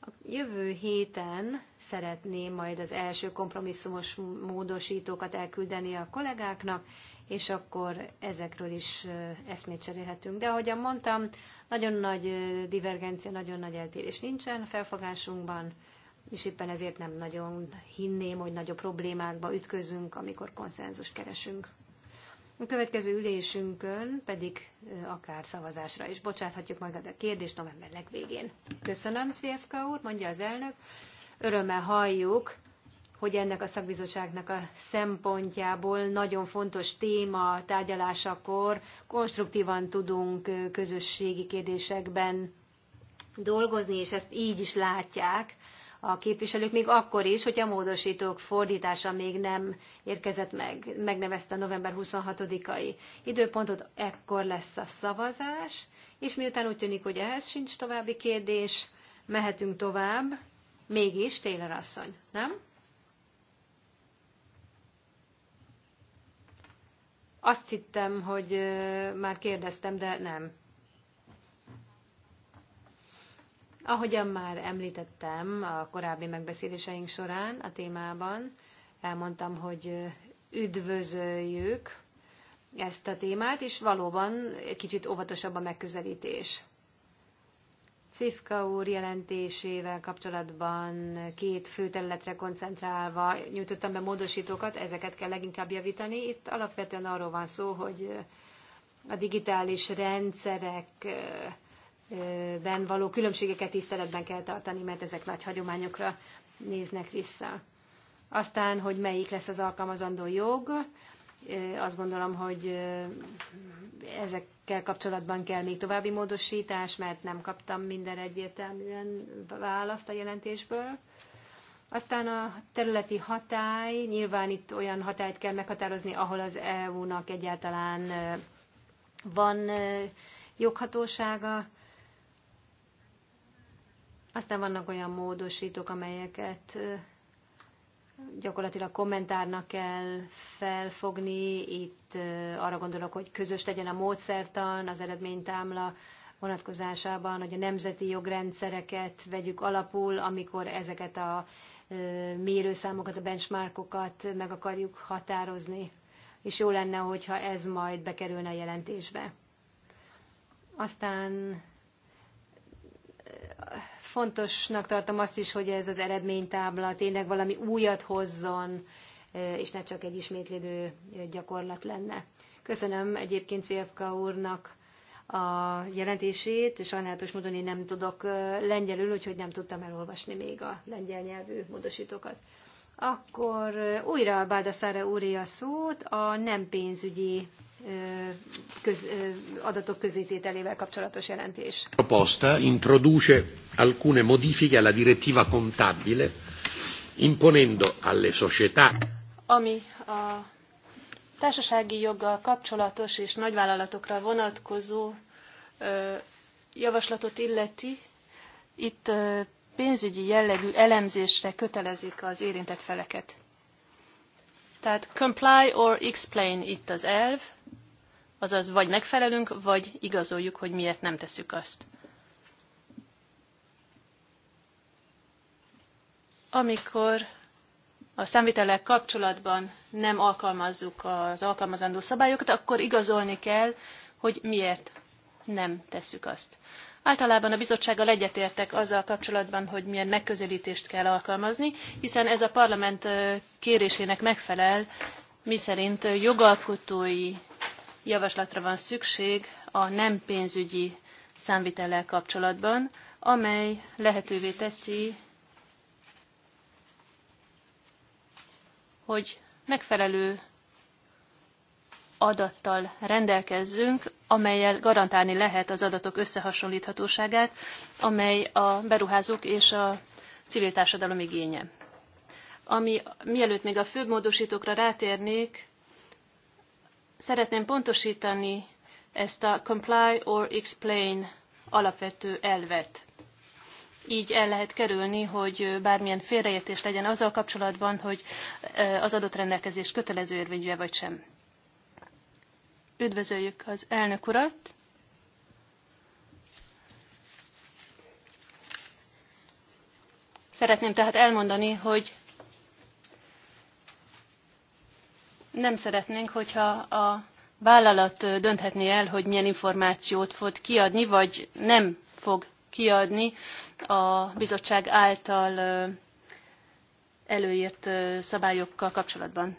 A jövő héten szeretném majd az első kompromisszumos módosítókat elküldeni a kollégáknak, és akkor ezekről is eszmét cserélhetünk. De ahogyan mondtam, nagyon nagy divergencia, nagyon nagy eltérés nincsen a felfogásunkban, és éppen ezért nem nagyon hinném, hogy nagyobb problémákba ütközünk, amikor konszenzust keresünk. A következő ülésünkön pedig akár szavazásra is bocsáthatjuk majd a kérdést november legvégén. Köszönöm, Cvjevka úr, mondja az elnök. Örömmel halljuk, hogy ennek a szakbizottságnak a szempontjából nagyon fontos téma tárgyalásakor konstruktívan tudunk közösségi kérdésekben dolgozni, és ezt így is látják a képviselők, még akkor is, hogy a módosítók fordítása még nem érkezett meg, megnevezte a november 26-ai időpontot, ekkor lesz a szavazás, és miután úgy tűnik, hogy ehhez sincs további kérdés, mehetünk tovább, mégis Taylor asszony, nem? Azt hittem, hogy már kérdeztem, de nem. Ahogyan már említettem a korábbi megbeszéléseink során a témában, elmondtam, hogy üdvözöljük ezt a témát, és valóban egy kicsit óvatosabb a megközelítés. Cifka úr jelentésével kapcsolatban két fő területre koncentrálva nyújtottam be módosítókat, ezeket kell leginkább javítani. Itt alapvetően arról van szó, hogy a digitális rendszerek ben való különbségeket tiszteletben kell tartani, mert ezek nagy hagyományokra néznek vissza. Aztán, hogy melyik lesz az alkalmazandó jog, azt gondolom, hogy ezekkel kapcsolatban kell még további módosítás, mert nem kaptam minden egyértelműen választ a jelentésből. Aztán a területi hatály, nyilván itt olyan hatályt kell meghatározni, ahol az EU-nak egyáltalán van joghatósága, aztán vannak olyan módosítók, amelyeket gyakorlatilag kommentárnak kell felfogni. Itt arra gondolok, hogy közös legyen a módszertan, az eredménytámla vonatkozásában, hogy a nemzeti jogrendszereket vegyük alapul, amikor ezeket a mérőszámokat, a benchmarkokat meg akarjuk határozni. És jó lenne, hogyha ez majd bekerülne a jelentésbe. Aztán Fontosnak tartom azt is, hogy ez az eredménytábla tényleg valami újat hozzon, és ne csak egy ismétlődő gyakorlat lenne. Köszönöm egyébként Vjevka úrnak a jelentését, és sajnálatos módon én nem tudok lengyelül, úgyhogy nem tudtam elolvasni még a lengyel nyelvű módosítókat. Akkor újra Báldaszára úri a szót a nem pénzügyi köz, adatok közétételével kapcsolatos jelentés. A proposta introduce alcune modifiche alla direttiva contabile imponendo alle società ami a társasági joggal kapcsolatos és nagyvállalatokra vonatkozó javaslatot illeti, itt pénzügyi jellegű elemzésre kötelezik az érintett feleket. Tehát comply or explain itt az elv, azaz vagy megfelelünk, vagy igazoljuk, hogy miért nem tesszük azt. Amikor a számvitelek kapcsolatban nem alkalmazzuk az alkalmazandó szabályokat, akkor igazolni kell, hogy miért nem tesszük azt. Általában a bizottsággal egyetértek azzal kapcsolatban, hogy milyen megközelítést kell alkalmazni, hiszen ez a parlament kérésének megfelel, miszerint jogalkotói javaslatra van szükség a nem pénzügyi számvitellel kapcsolatban, amely lehetővé teszi, hogy megfelelő adattal rendelkezzünk, amelyel garantálni lehet az adatok összehasonlíthatóságát, amely a beruházók és a civil társadalom igénye. Ami, mielőtt még a főbb módosítókra rátérnék, szeretném pontosítani ezt a comply or explain alapvető elvet. Így el lehet kerülni, hogy bármilyen félreértés legyen azzal kapcsolatban, hogy az adott rendelkezés kötelező érvényű vagy sem. Üdvözöljük az elnök urat! Szeretném tehát elmondani, hogy nem szeretnénk, hogyha a vállalat dönthetné el, hogy milyen információt fog kiadni, vagy nem fog kiadni a bizottság által előírt szabályokkal kapcsolatban.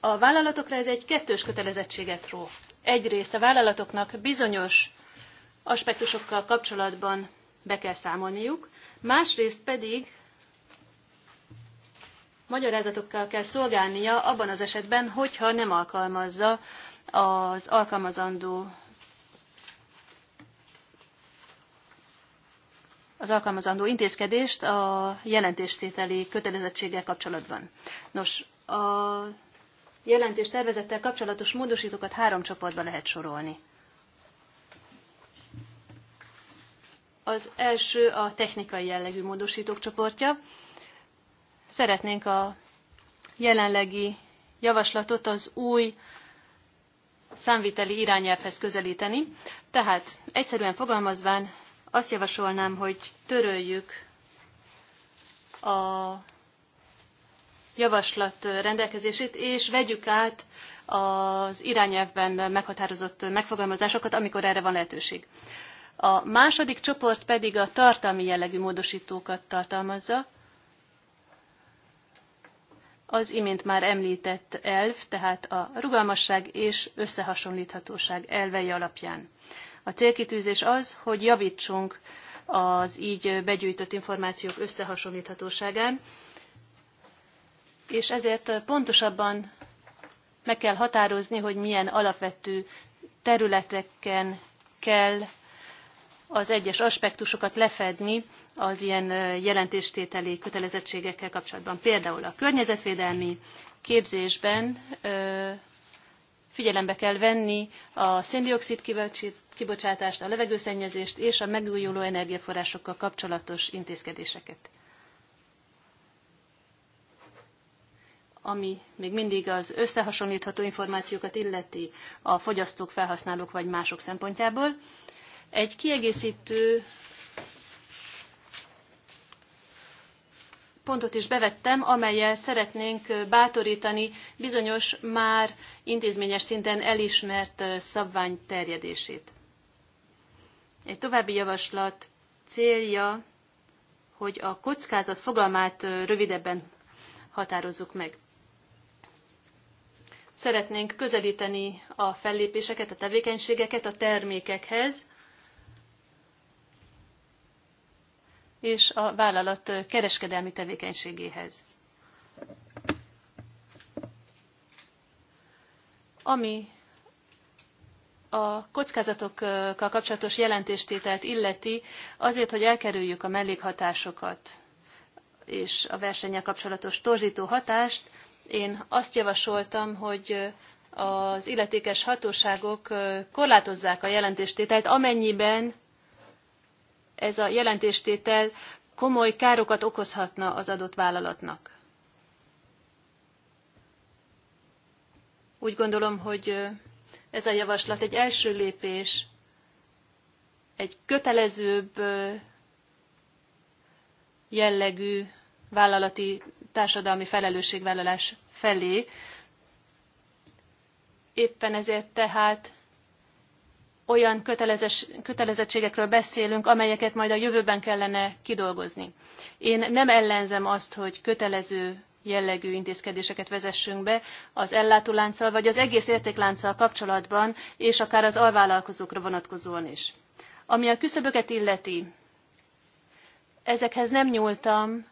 A vállalatokra ez egy kettős kötelezettséget ró egyrészt a vállalatoknak bizonyos aspektusokkal kapcsolatban be kell számolniuk, másrészt pedig magyarázatokkal kell szolgálnia abban az esetben, hogyha nem alkalmazza az alkalmazandó az alkalmazandó intézkedést a jelentéstételi kötelezettséggel kapcsolatban. Nos, a jelentés tervezettel kapcsolatos módosítókat három csoportba lehet sorolni. Az első a technikai jellegű módosítók csoportja. Szeretnénk a jelenlegi javaslatot az új számviteli irányelvhez közelíteni. Tehát egyszerűen fogalmazván azt javasolnám, hogy töröljük a javaslat rendelkezését, és vegyük át az irányelvben meghatározott megfogalmazásokat, amikor erre van lehetőség. A második csoport pedig a tartalmi jellegű módosítókat tartalmazza. Az imént már említett elv, tehát a rugalmasság és összehasonlíthatóság elvei alapján. A célkitűzés az, hogy javítsunk az így begyűjtött információk összehasonlíthatóságán, és ezért pontosabban meg kell határozni, hogy milyen alapvető területeken kell az egyes aspektusokat lefedni az ilyen jelentéstételi kötelezettségekkel kapcsolatban. Például a környezetvédelmi képzésben figyelembe kell venni a széndiokszid kibocsátást, a levegőszennyezést és a megújuló energiaforrásokkal kapcsolatos intézkedéseket. ami még mindig az összehasonlítható információkat illeti a fogyasztók, felhasználók vagy mások szempontjából. Egy kiegészítő pontot is bevettem, amelyel szeretnénk bátorítani bizonyos már intézményes szinten elismert szabvány terjedését. Egy további javaslat célja, hogy a kockázat fogalmát rövidebben határozzuk meg. Szeretnénk közelíteni a fellépéseket, a tevékenységeket a termékekhez, és a vállalat kereskedelmi tevékenységéhez. Ami a kockázatokkal kapcsolatos jelentéstételt illeti, azért, hogy elkerüljük a mellékhatásokat és a versennyel kapcsolatos torzító hatást, én azt javasoltam, hogy az illetékes hatóságok korlátozzák a jelentéstételt, amennyiben ez a jelentéstétel komoly károkat okozhatna az adott vállalatnak. Úgy gondolom, hogy ez a javaslat egy első lépés, egy kötelezőbb jellegű vállalati társadalmi felelősségvállalás felé. Éppen ezért tehát olyan kötelezettségekről beszélünk, amelyeket majd a jövőben kellene kidolgozni. Én nem ellenzem azt, hogy kötelező jellegű intézkedéseket vezessünk be az ellátólánccal, vagy az egész értéklánccal kapcsolatban, és akár az alvállalkozókra vonatkozóan is. Ami a küszöböket illeti, ezekhez nem nyúltam,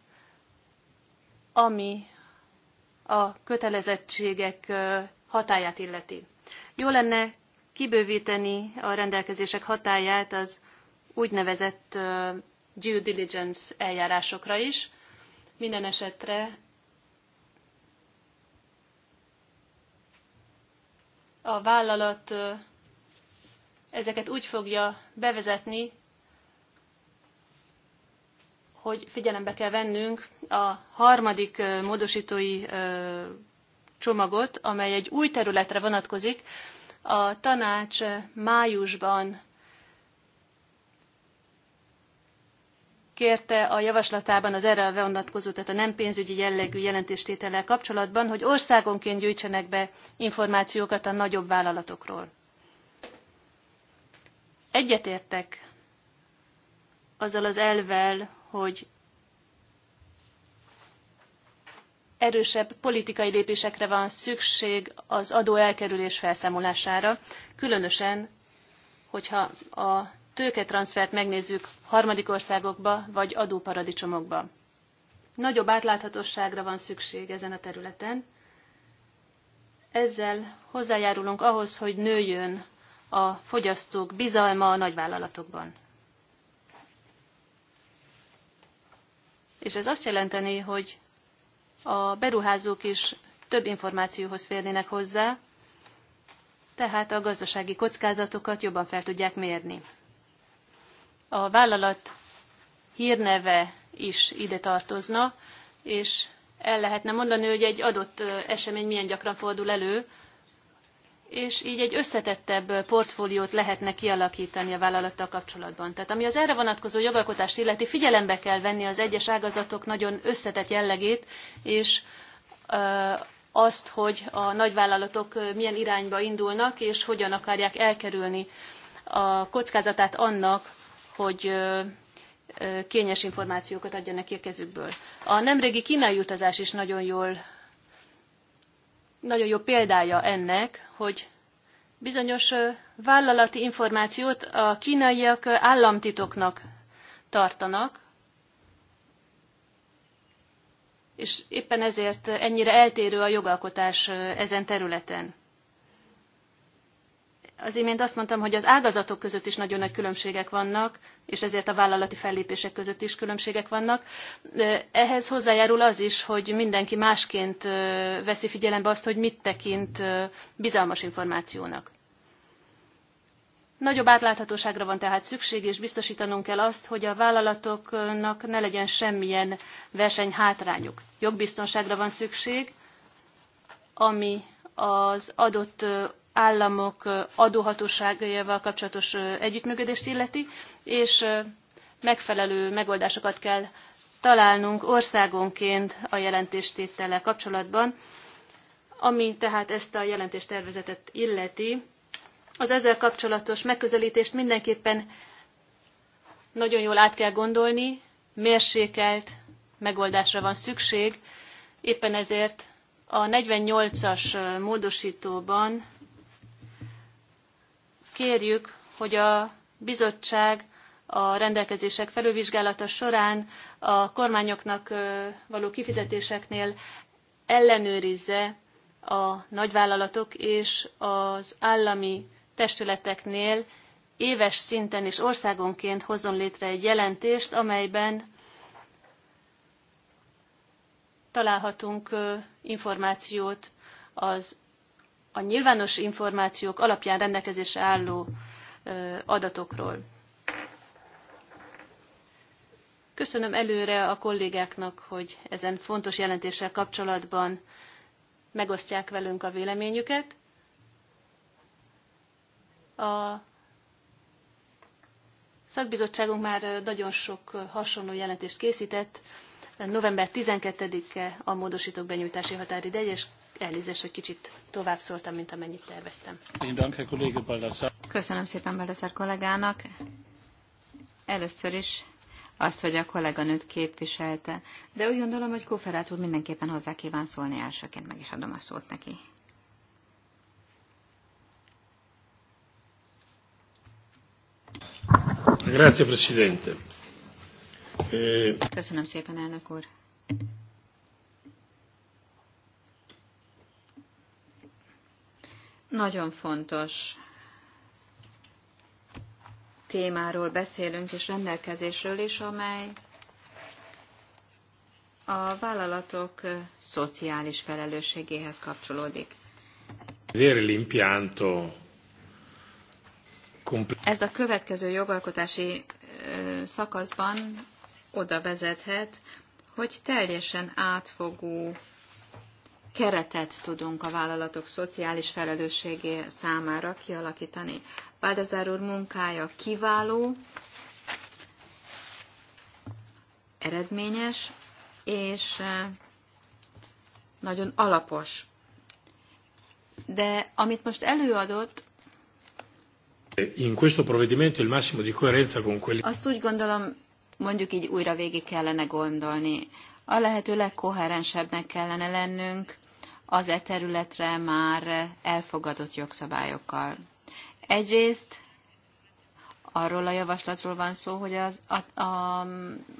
ami a kötelezettségek hatáját illeti. Jó lenne kibővíteni a rendelkezések hatáját az úgynevezett due diligence eljárásokra is. Minden esetre a vállalat ezeket úgy fogja bevezetni, hogy figyelembe kell vennünk a harmadik módosítói csomagot, amely egy új területre vonatkozik. A tanács májusban kérte a javaslatában az erre vonatkozó, tehát a nem pénzügyi jellegű jelentéstétellel kapcsolatban, hogy országonként gyűjtsenek be információkat a nagyobb vállalatokról. Egyetértek azzal az elvel, hogy erősebb politikai lépésekre van szükség az adóelkerülés felszámolására, különösen, hogyha a tőketranszfert megnézzük harmadik országokba vagy adóparadicsomokba. Nagyobb átláthatóságra van szükség ezen a területen. Ezzel hozzájárulunk ahhoz, hogy nőjön a fogyasztók bizalma a nagyvállalatokban. és ez azt jelenteni, hogy a beruházók is több információhoz férnének hozzá, tehát a gazdasági kockázatokat jobban fel tudják mérni. A vállalat hírneve is ide tartozna, és el lehetne mondani, hogy egy adott esemény milyen gyakran fordul elő, és így egy összetettebb portfóliót lehetne kialakítani a vállalattal kapcsolatban. Tehát ami az erre vonatkozó jogalkotást illeti, figyelembe kell venni az egyes ágazatok nagyon összetett jellegét, és azt, hogy a nagyvállalatok milyen irányba indulnak, és hogyan akarják elkerülni a kockázatát annak, hogy kényes információkat adjanak ki a kezükből. A nemrégi kínai utazás is nagyon jól nagyon jó példája ennek, hogy bizonyos vállalati információt a kínaiak államtitoknak tartanak, és éppen ezért ennyire eltérő a jogalkotás ezen területen az imént azt mondtam, hogy az ágazatok között is nagyon nagy különbségek vannak, és ezért a vállalati fellépések között is különbségek vannak. Ehhez hozzájárul az is, hogy mindenki másként veszi figyelembe azt, hogy mit tekint bizalmas információnak. Nagyobb átláthatóságra van tehát szükség, és biztosítanunk kell azt, hogy a vállalatoknak ne legyen semmilyen versenyhátrányuk. Jogbiztonságra van szükség, ami az adott államok adóhatóságaival kapcsolatos együttműködést illeti, és megfelelő megoldásokat kell találnunk országonként a jelentéstétele kapcsolatban, ami tehát ezt a jelentéstervezetet illeti. Az ezzel kapcsolatos megközelítést mindenképpen nagyon jól át kell gondolni, mérsékelt megoldásra van szükség, éppen ezért a 48-as módosítóban kérjük, hogy a bizottság a rendelkezések felülvizsgálata során a kormányoknak való kifizetéseknél ellenőrizze a nagyvállalatok és az állami testületeknél éves szinten és országonként hozzon létre egy jelentést, amelyben találhatunk információt az a nyilvános információk alapján rendelkezésre álló adatokról. Köszönöm előre a kollégáknak, hogy ezen fontos jelentéssel kapcsolatban megosztják velünk a véleményüket. A szakbizottságunk már nagyon sok hasonló jelentést készített. November 12-e a módosítók benyújtási határideje, és Elnézést, hogy kicsit tovább szóltam, mint amennyit terveztem. Köszönöm szépen Balazar kollégának. Először is azt, hogy a kolléganőt képviselte, de úgy gondolom, hogy Kóferát úr mindenképpen hozzá kíván szólni elsőként, meg is adom a szót neki. Grazie, Presidente. Köszönöm szépen, elnök úr. nagyon fontos témáról beszélünk és rendelkezésről is, amely a vállalatok szociális felelősségéhez kapcsolódik. Ez a következő jogalkotási szakaszban oda vezethet, hogy teljesen átfogó keretet tudunk a vállalatok szociális felelősségé számára kialakítani. Baldazár úr munkája kiváló, eredményes, és eh, nagyon alapos. De amit most előadott, In questo provvedimento il massimo di coerenza con quelli... Azt úgy gondolom, mondjuk így újra végig kellene gondolni. A lehető legkoherensebbnek kellene lennünk az e területre már elfogadott jogszabályokkal. Egyrészt arról a javaslatról van szó, hogy az, a, a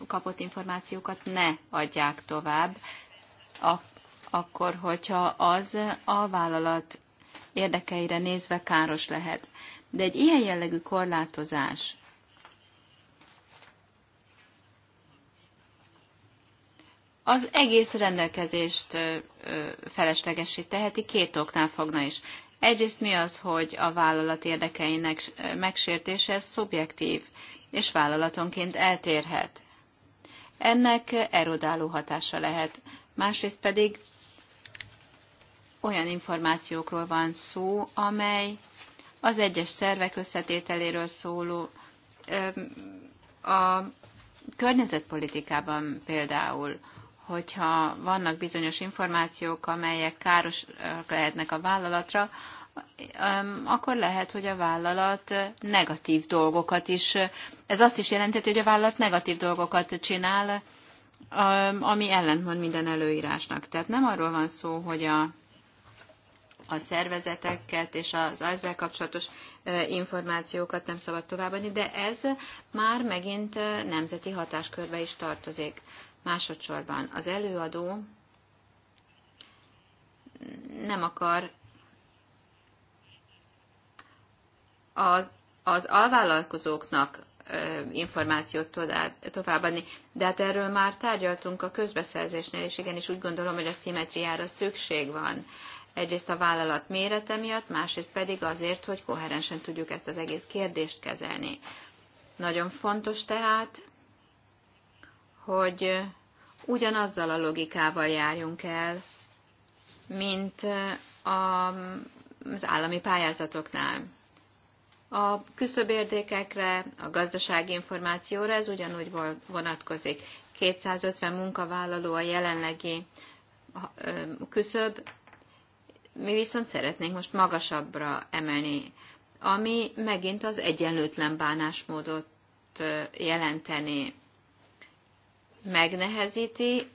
kapott információkat ne adják tovább, a, akkor, hogyha az a vállalat érdekeire nézve káros lehet. De egy ilyen jellegű korlátozás az egész rendelkezést feleslegesé teheti, két oknál fogna is. Egyrészt mi az, hogy a vállalat érdekeinek megsértése szubjektív, és vállalatonként eltérhet. Ennek erodáló hatása lehet. Másrészt pedig olyan információkról van szó, amely az egyes szervek összetételéről szóló a környezetpolitikában például hogyha vannak bizonyos információk, amelyek káros lehetnek a vállalatra, akkor lehet, hogy a vállalat negatív dolgokat is, ez azt is jelenti, hogy a vállalat negatív dolgokat csinál, ami ellentmond minden előírásnak. Tehát nem arról van szó, hogy a, a szervezeteket és az ezzel kapcsolatos információkat nem szabad továbbadni, de ez már megint nemzeti hatáskörbe is tartozik. Másodszorban az előadó nem akar az, az alvállalkozóknak információt továbbadni. De hát erről már tárgyaltunk a közbeszerzésnél, és igenis úgy gondolom, hogy a szimetriára szükség van. Egyrészt a vállalat mérete miatt, másrészt pedig azért, hogy koherensen tudjuk ezt az egész kérdést kezelni. Nagyon fontos tehát, hogy ugyanazzal a logikával járjunk el, mint a, az állami pályázatoknál. A küszöbérdékekre, a gazdasági információra ez ugyanúgy vonatkozik. 250 munkavállaló a jelenlegi küszöb, mi viszont szeretnénk most magasabbra emelni, ami megint az egyenlőtlen bánásmódot jelenteni megnehezíti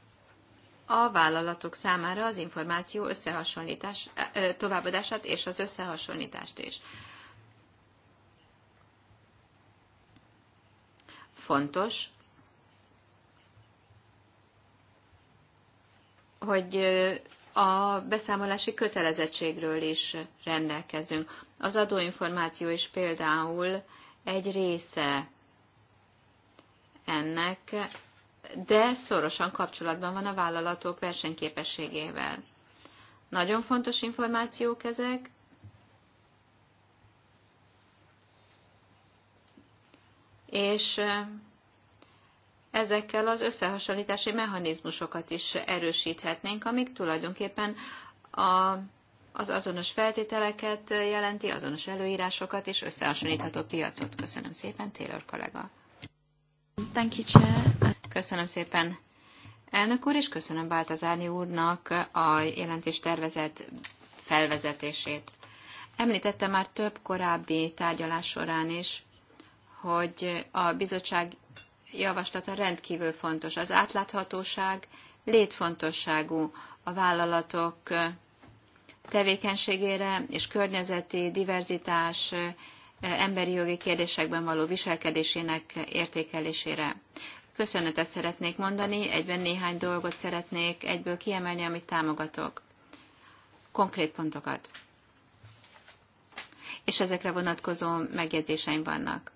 a vállalatok számára az információ összehasonlítás, továbbadását és az összehasonlítást is. Fontos, hogy a beszámolási kötelezettségről is rendelkezünk. Az adóinformáció is például egy része ennek de szorosan kapcsolatban van a vállalatok versenyképességével. Nagyon fontos információk ezek. És ezekkel az összehasonlítási mechanizmusokat is erősíthetnénk, amik tulajdonképpen a, az azonos feltételeket jelenti, azonos előírásokat és összehasonlítható piacot. Köszönöm szépen, Taylor kollega. Thank you, Chair. Köszönöm szépen, elnök úr, és köszönöm Báltazárni úrnak a jelentés tervezett felvezetését. Említette már több korábbi tárgyalás során is, hogy a bizottság javaslata rendkívül fontos. Az átláthatóság létfontosságú a vállalatok tevékenységére és környezeti diverzitás, emberi jogi kérdésekben való viselkedésének értékelésére köszönetet szeretnék mondani, egyben néhány dolgot szeretnék egyből kiemelni, amit támogatok. Konkrét pontokat. És ezekre vonatkozó megjegyzéseim vannak.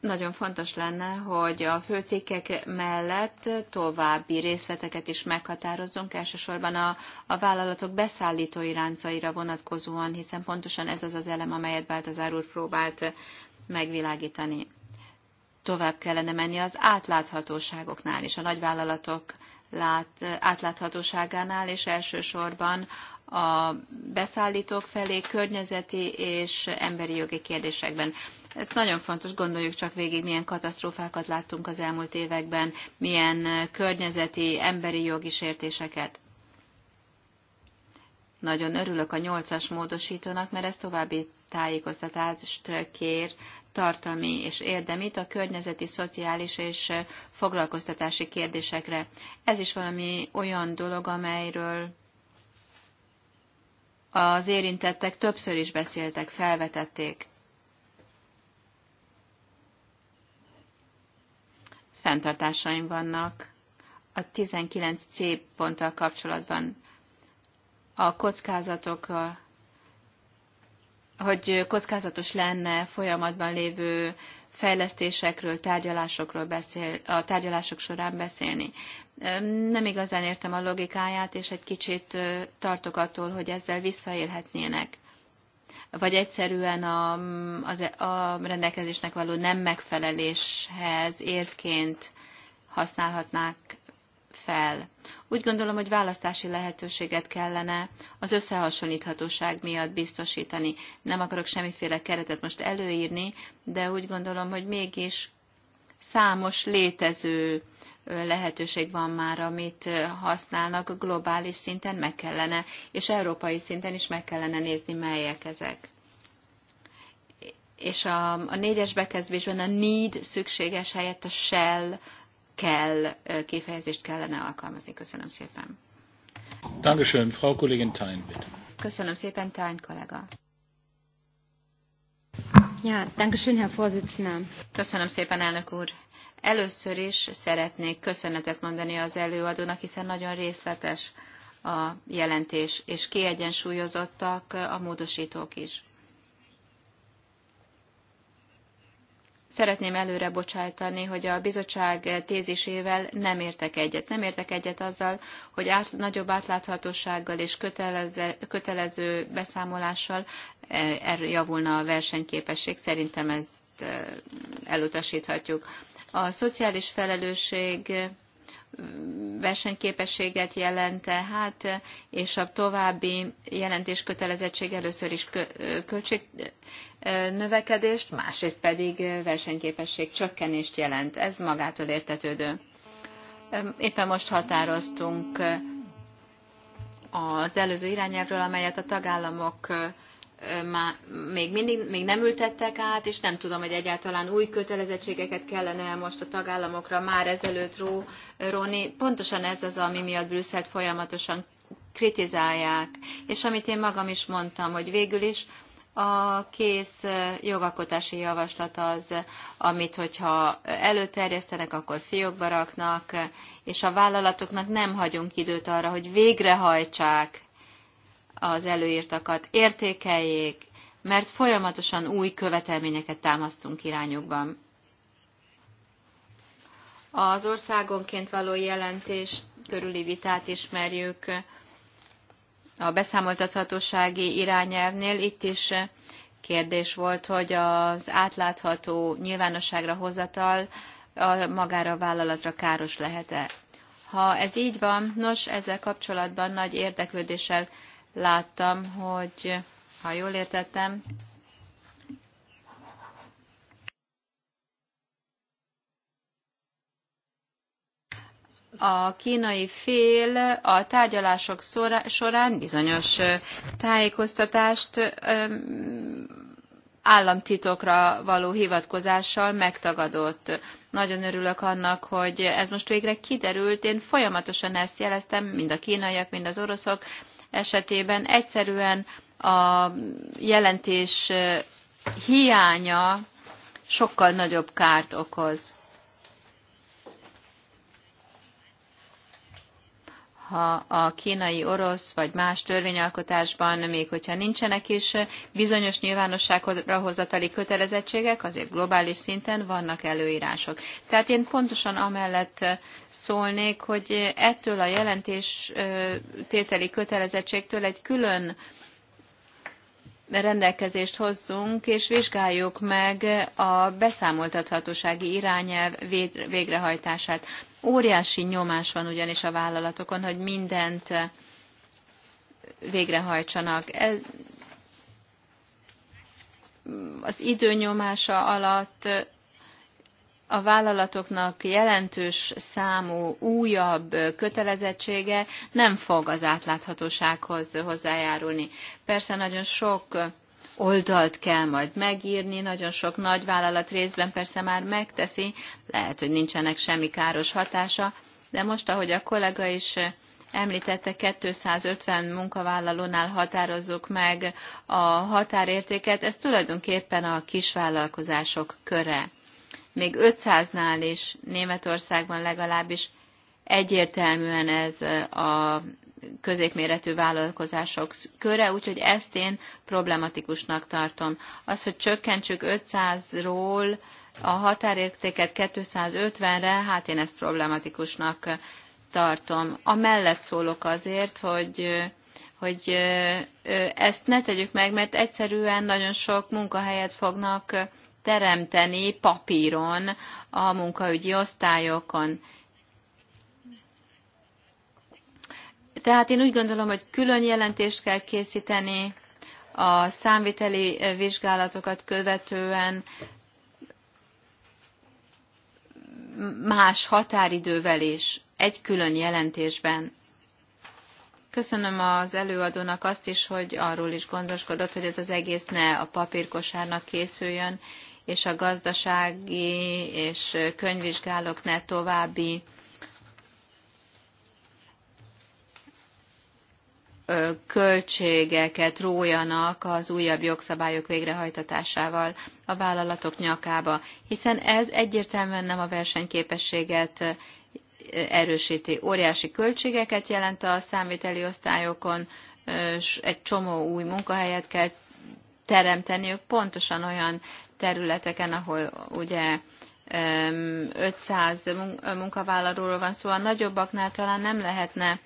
nagyon fontos lenne, hogy a főcikkek mellett további részleteket is meghatározzunk, elsősorban a, a vállalatok beszállítói ráncaira vonatkozóan, hiszen pontosan ez az az elem, amelyet Báltazár úr próbált megvilágítani. Tovább kellene menni az átláthatóságoknál is, a nagyvállalatok lát, átláthatóságánál, és elsősorban a beszállítók felé környezeti és emberi jogi kérdésekben. Ez nagyon fontos, gondoljuk csak végig, milyen katasztrófákat láttunk az elmúlt években, milyen környezeti, emberi jogi sértéseket. Nagyon örülök a nyolcas módosítónak, mert ez további tájékoztatást kér tartalmi és érdemit a környezeti, szociális és foglalkoztatási kérdésekre. Ez is valami olyan dolog, amelyről az érintettek többször is beszéltek, felvetették. fenntartásaim vannak a 19C ponttal kapcsolatban. A kockázatok, hogy kockázatos lenne folyamatban lévő fejlesztésekről, tárgyalásokról beszél, a tárgyalások során beszélni. Nem igazán értem a logikáját, és egy kicsit tartok attól, hogy ezzel visszaélhetnének vagy egyszerűen a, az, a rendelkezésnek való nem megfeleléshez érvként használhatnák fel. Úgy gondolom, hogy választási lehetőséget kellene az összehasonlíthatóság miatt biztosítani. Nem akarok semmiféle keretet most előírni, de úgy gondolom, hogy mégis számos létező lehetőség van már, amit használnak globális szinten, meg kellene, és európai szinten is meg kellene nézni, melyek ezek. És a, a négyes bekezdésben a need szükséges helyett a shell kell kifejezést kellene alkalmazni. Köszönöm szépen. Dankeschön, Frau Kollegin Tein, bitte. Köszönöm szépen, Tein kollega. Ja, Dankeschön, Herr Vorsitzender. Köszönöm szépen, elnök úr. Először is szeretnék köszönetet mondani az előadónak, hiszen nagyon részletes a jelentés, és kiegyensúlyozottak a módosítók is. Szeretném előre bocsájtani, hogy a bizottság tézisével nem értek egyet. Nem értek egyet azzal, hogy át, nagyobb átláthatósággal és kötelező, kötelező beszámolással eh, erről javulna a versenyképesség. Szerintem ezt eh, elutasíthatjuk. A szociális felelősség mm, versenyképességet jelent hát és a további jelentés kötelezettség először is költség növekedést, másrészt pedig versenyképesség csökkenést jelent. Ez magától értetődő. Éppen most határoztunk az előző irányelvről, amelyet a tagállamok még mindig még nem ültettek át, és nem tudom, hogy egyáltalán új kötelezettségeket kellene most a tagállamokra már ezelőtt ró, róni. Pontosan ez az, ami miatt Brüsszelt folyamatosan kritizálják, és amit én magam is mondtam, hogy végül is a kész jogalkotási javaslat az, amit hogyha előterjesztenek, akkor fiókba raknak, és a vállalatoknak nem hagyunk időt arra, hogy végrehajtsák az előírtakat, értékeljék, mert folyamatosan új követelményeket támasztunk irányukban. Az országonként való jelentés körüli vitát ismerjük a beszámoltathatósági irányelvnél. Itt is kérdés volt, hogy az átlátható nyilvánosságra hozatal a magára a vállalatra káros lehet-e. Ha ez így van, nos, ezzel kapcsolatban nagy érdeklődéssel láttam, hogy ha jól értettem, a kínai fél a tárgyalások során bizonyos tájékoztatást államtitokra való hivatkozással megtagadott. Nagyon örülök annak, hogy ez most végre kiderült. Én folyamatosan ezt jeleztem, mind a kínaiak, mind az oroszok esetében egyszerűen a jelentés hiánya sokkal nagyobb kárt okoz. ha a kínai, orosz vagy más törvényalkotásban, még hogyha nincsenek is bizonyos nyilvánosságra hozatali kötelezettségek, azért globális szinten vannak előírások. Tehát én pontosan amellett szólnék, hogy ettől a jelentés tételi kötelezettségtől egy külön rendelkezést hozzunk, és vizsgáljuk meg a beszámoltathatósági irányelv végrehajtását. Óriási nyomás van ugyanis a vállalatokon, hogy mindent végrehajtsanak. Ez, az időnyomása alatt a vállalatoknak jelentős számú újabb kötelezettsége nem fog az átláthatósághoz hozzájárulni. Persze nagyon sok oldalt kell majd megírni, nagyon sok nagyvállalat részben persze már megteszi, lehet, hogy nincsenek semmi káros hatása, de most, ahogy a kollega is említette, 250 munkavállalónál határozzuk meg a határértéket, ez tulajdonképpen a kisvállalkozások köre még 500-nál is, Németországban legalábbis egyértelműen ez a középméretű vállalkozások köre, úgyhogy ezt én problematikusnak tartom. Az, hogy csökkentsük 500-ról a határértéket 250-re, hát én ezt problematikusnak tartom. A mellett szólok azért, hogy hogy ezt ne tegyük meg, mert egyszerűen nagyon sok munkahelyet fognak teremteni papíron a munkaügyi osztályokon. Tehát én úgy gondolom, hogy külön jelentést kell készíteni a számviteli vizsgálatokat követően más határidővel is, egy külön jelentésben. Köszönöm az előadónak azt is, hogy arról is gondoskodott, hogy ez az egész ne a papírkosárnak készüljön, és a gazdasági és könyvvizsgálók ne további költségeket rójanak az újabb jogszabályok végrehajtatásával a vállalatok nyakába, hiszen ez egyértelműen nem a versenyképességet erősíti. Óriási költségeket jelent a számviteli osztályokon, és egy csomó új munkahelyet kell teremteniük pontosan olyan területeken, ahol ugye 500 munkavállalóról van szó, a nagyobbaknál talán nem lehetne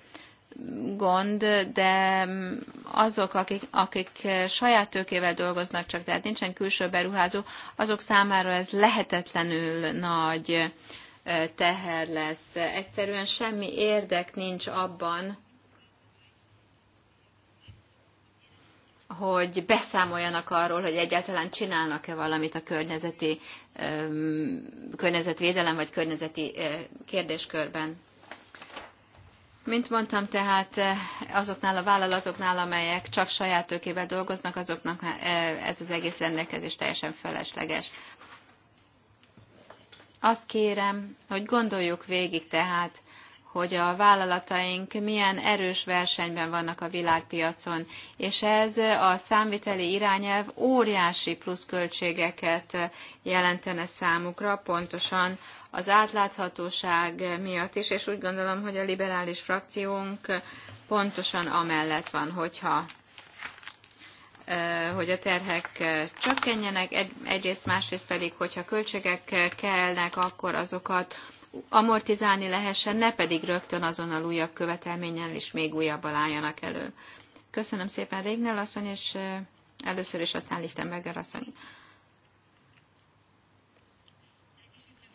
gond, de azok, akik, akik saját tőkével dolgoznak csak, tehát nincsen külső beruházó, azok számára ez lehetetlenül nagy eh, teher lesz. Egyszerűen semmi érdek nincs abban, hogy beszámoljanak arról, hogy egyáltalán csinálnak-e valamit a környezeti, környezetvédelem vagy környezeti kérdéskörben. Mint mondtam, tehát azoknál a vállalatoknál, amelyek csak saját tőkével dolgoznak, azoknak ez az egész rendelkezés teljesen felesleges. Azt kérem, hogy gondoljuk végig tehát, hogy a vállalataink milyen erős versenyben vannak a világpiacon, és ez a számviteli irányelv óriási pluszköltségeket jelentene számukra, pontosan az átláthatóság miatt is, és úgy gondolom, hogy a liberális frakciónk pontosan amellett van, hogyha hogy a terhek csökkenjenek, egyrészt másrészt pedig, hogyha költségek kellnek, akkor azokat amortizálni lehessen, ne pedig rögtön azonnal újabb követelményen is még újabbal álljanak elő. Köszönöm szépen Régnél asszony, és először is aztán Lichtenberger asszony.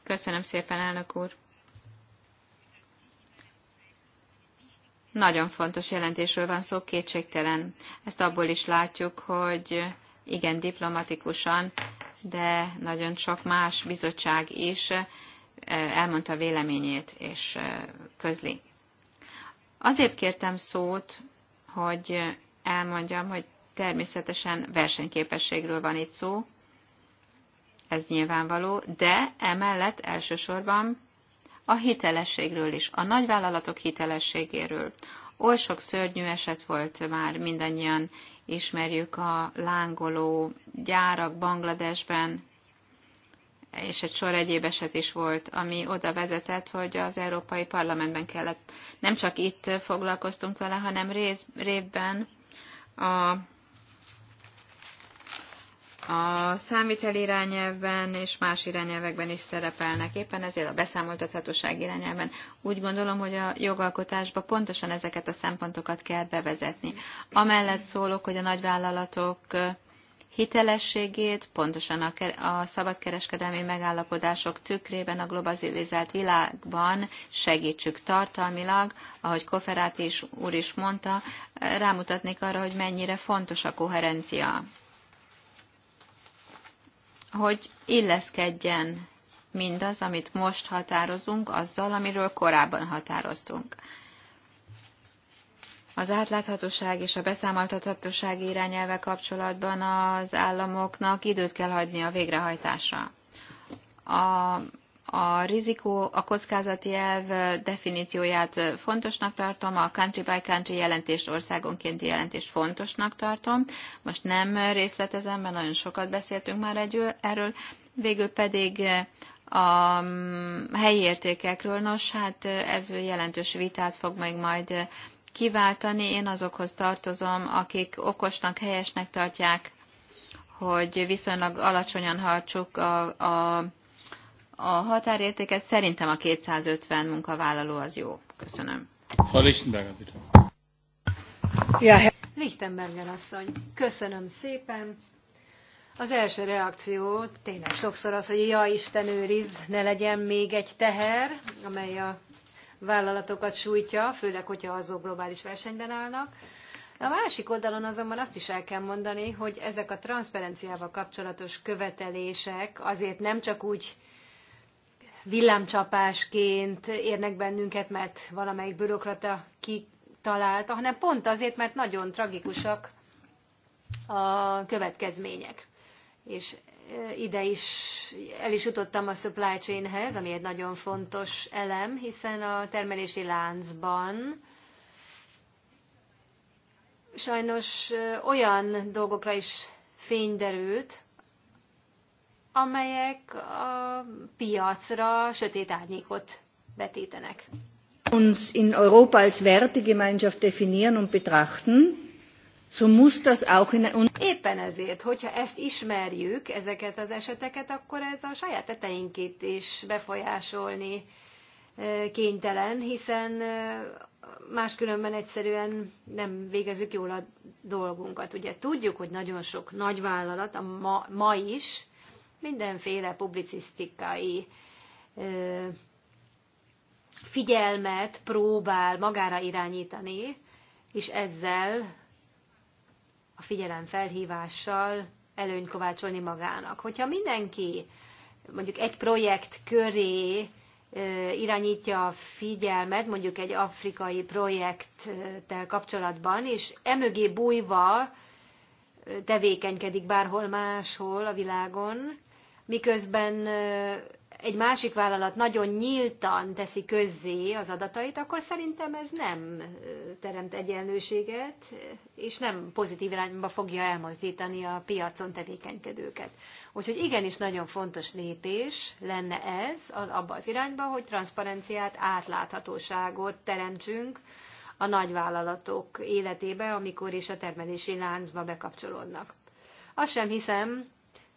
Köszönöm szépen, elnök úr. Nagyon fontos jelentésről van szó, kétségtelen. Ezt abból is látjuk, hogy igen, diplomatikusan, de nagyon sok más bizottság is elmondta véleményét és közli. Azért kértem szót, hogy elmondjam, hogy természetesen versenyképességről van itt szó, ez nyilvánvaló, de emellett elsősorban a hitelességről is, a nagyvállalatok hitelességéről. Oly sok szörnyű eset volt már, mindannyian ismerjük a lángoló gyárak Bangladesben, és egy sor egyéb eset is volt, ami oda vezetett, hogy az Európai Parlamentben kellett. Nem csak itt foglalkoztunk vele, hanem rész, révben a, a számvitel irányelvben és más irányelvekben is szerepelnek. Éppen ezért a beszámoltathatóság irányelven úgy gondolom, hogy a jogalkotásba pontosan ezeket a szempontokat kell bevezetni. Amellett szólok, hogy a nagyvállalatok hitelességét, pontosan a, a szabadkereskedelmi megállapodások tükrében a globalizált világban segítsük tartalmilag, ahogy Koferáti is, úr is mondta, rámutatnék arra, hogy mennyire fontos a koherencia hogy illeszkedjen mindaz, amit most határozunk, azzal, amiről korábban határoztunk. Az átláthatóság és a beszámoltathatóság irányelve kapcsolatban az államoknak időt kell hagyni a végrehajtásra. A, a rizikó, a kockázati elv definícióját fontosnak tartom, a country by country jelentést, országonkénti jelentést fontosnak tartom. Most nem részletezem, mert nagyon sokat beszéltünk már erről. Végül pedig a mm, helyi értékekről. Nos, hát ez jelentős vitát fog meg majd kiváltani. Én azokhoz tartozom, akik okosnak, helyesnek tartják, hogy viszonylag alacsonyan hartsuk a, a, a határértéket. Szerintem a 250 munkavállaló az jó. Köszönöm. Frau Lichtenberger asszony, köszönöm szépen. Az első reakció tényleg sokszor az, hogy ja Isten őriz, ne legyen még egy teher, amely a vállalatokat sújtja, főleg, hogyha azok globális versenyben állnak. A másik oldalon azonban azt is el kell mondani, hogy ezek a transzparenciával kapcsolatos követelések azért nem csak úgy villámcsapásként érnek bennünket, mert valamelyik bürokrata kitalálta, hanem pont azért, mert nagyon tragikusak a következmények. És ide is el is jutottam a supply chainhez, ami egy nagyon fontos elem, hiszen a termelési láncban sajnos olyan dolgokra is fény derült, amelyek a piacra sötét árnyékot vetítenek. Uns in Europa als Wertegemeinschaft definieren und betrachten, So muss das auch in Éppen ezért, hogyha ezt ismerjük, ezeket az eseteket, akkor ez a saját teteinkét is befolyásolni kénytelen, hiszen máskülönben egyszerűen nem végezzük jól a dolgunkat. Ugye tudjuk, hogy nagyon sok nagyvállalat a ma, ma is mindenféle publicisztikai figyelmet próbál magára irányítani, és ezzel a figyelem felhívással előny kovácsolni magának. Hogyha mindenki mondjuk egy projekt köré irányítja a figyelmet, mondjuk egy afrikai projekttel kapcsolatban, és emögé bújva tevékenykedik bárhol máshol a világon, miközben egy másik vállalat nagyon nyíltan teszi közzé az adatait, akkor szerintem ez nem teremt egyenlőséget, és nem pozitív irányba fogja elmozdítani a piacon tevékenykedőket. Úgyhogy igenis nagyon fontos lépés lenne ez abba az irányba, hogy transzparenciát, átláthatóságot teremtsünk a nagyvállalatok életébe, amikor is a termelési láncba bekapcsolódnak. Azt sem hiszem,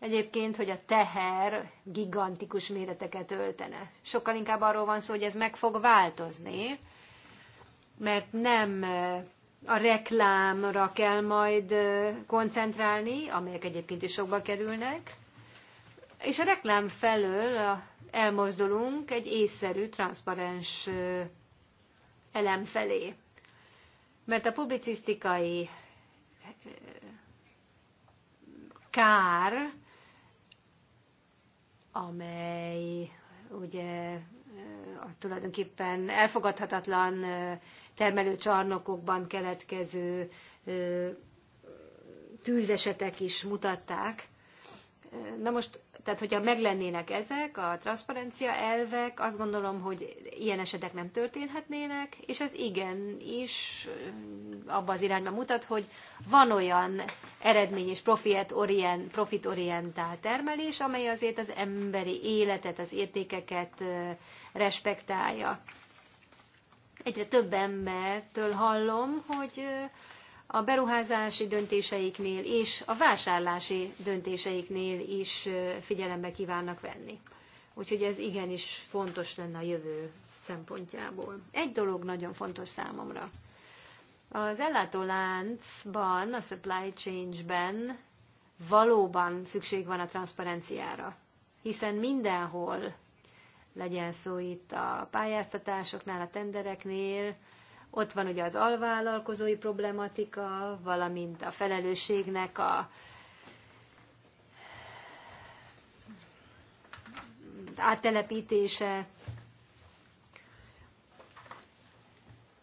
egyébként, hogy a teher gigantikus méreteket öltene. Sokkal inkább arról van szó, hogy ez meg fog változni, mert nem eh, a reklámra kell majd eh, koncentrálni, amelyek egyébként is sokba kerülnek, és a reklám felől elmozdulunk egy észszerű, transzparens eh, elem felé. Mert a publicisztikai kár amely ugye eh, tulajdonképpen elfogadhatatlan eh, termelőcsarnokokban keletkező eh, tűzesetek is mutatták. Na most tehát, hogyha meglennének ezek a transzparencia elvek, azt gondolom, hogy ilyen esetek nem történhetnének, és ez igen is abba az irányba mutat, hogy van olyan eredmény és profit orient, profitorientált termelés, amely azért az emberi életet, az értékeket respektálja. Egyre több embertől hallom, hogy a beruházási döntéseiknél és a vásárlási döntéseiknél is figyelembe kívánnak venni. Úgyhogy ez igenis fontos lenne a jövő szempontjából. Egy dolog nagyon fontos számomra. Az ellátóláncban, a supply change ben valóban szükség van a transzparenciára, hiszen mindenhol legyen szó itt a pályáztatásoknál, a tendereknél, ott van ugye az alvállalkozói problematika, valamint a felelősségnek a áttelepítése,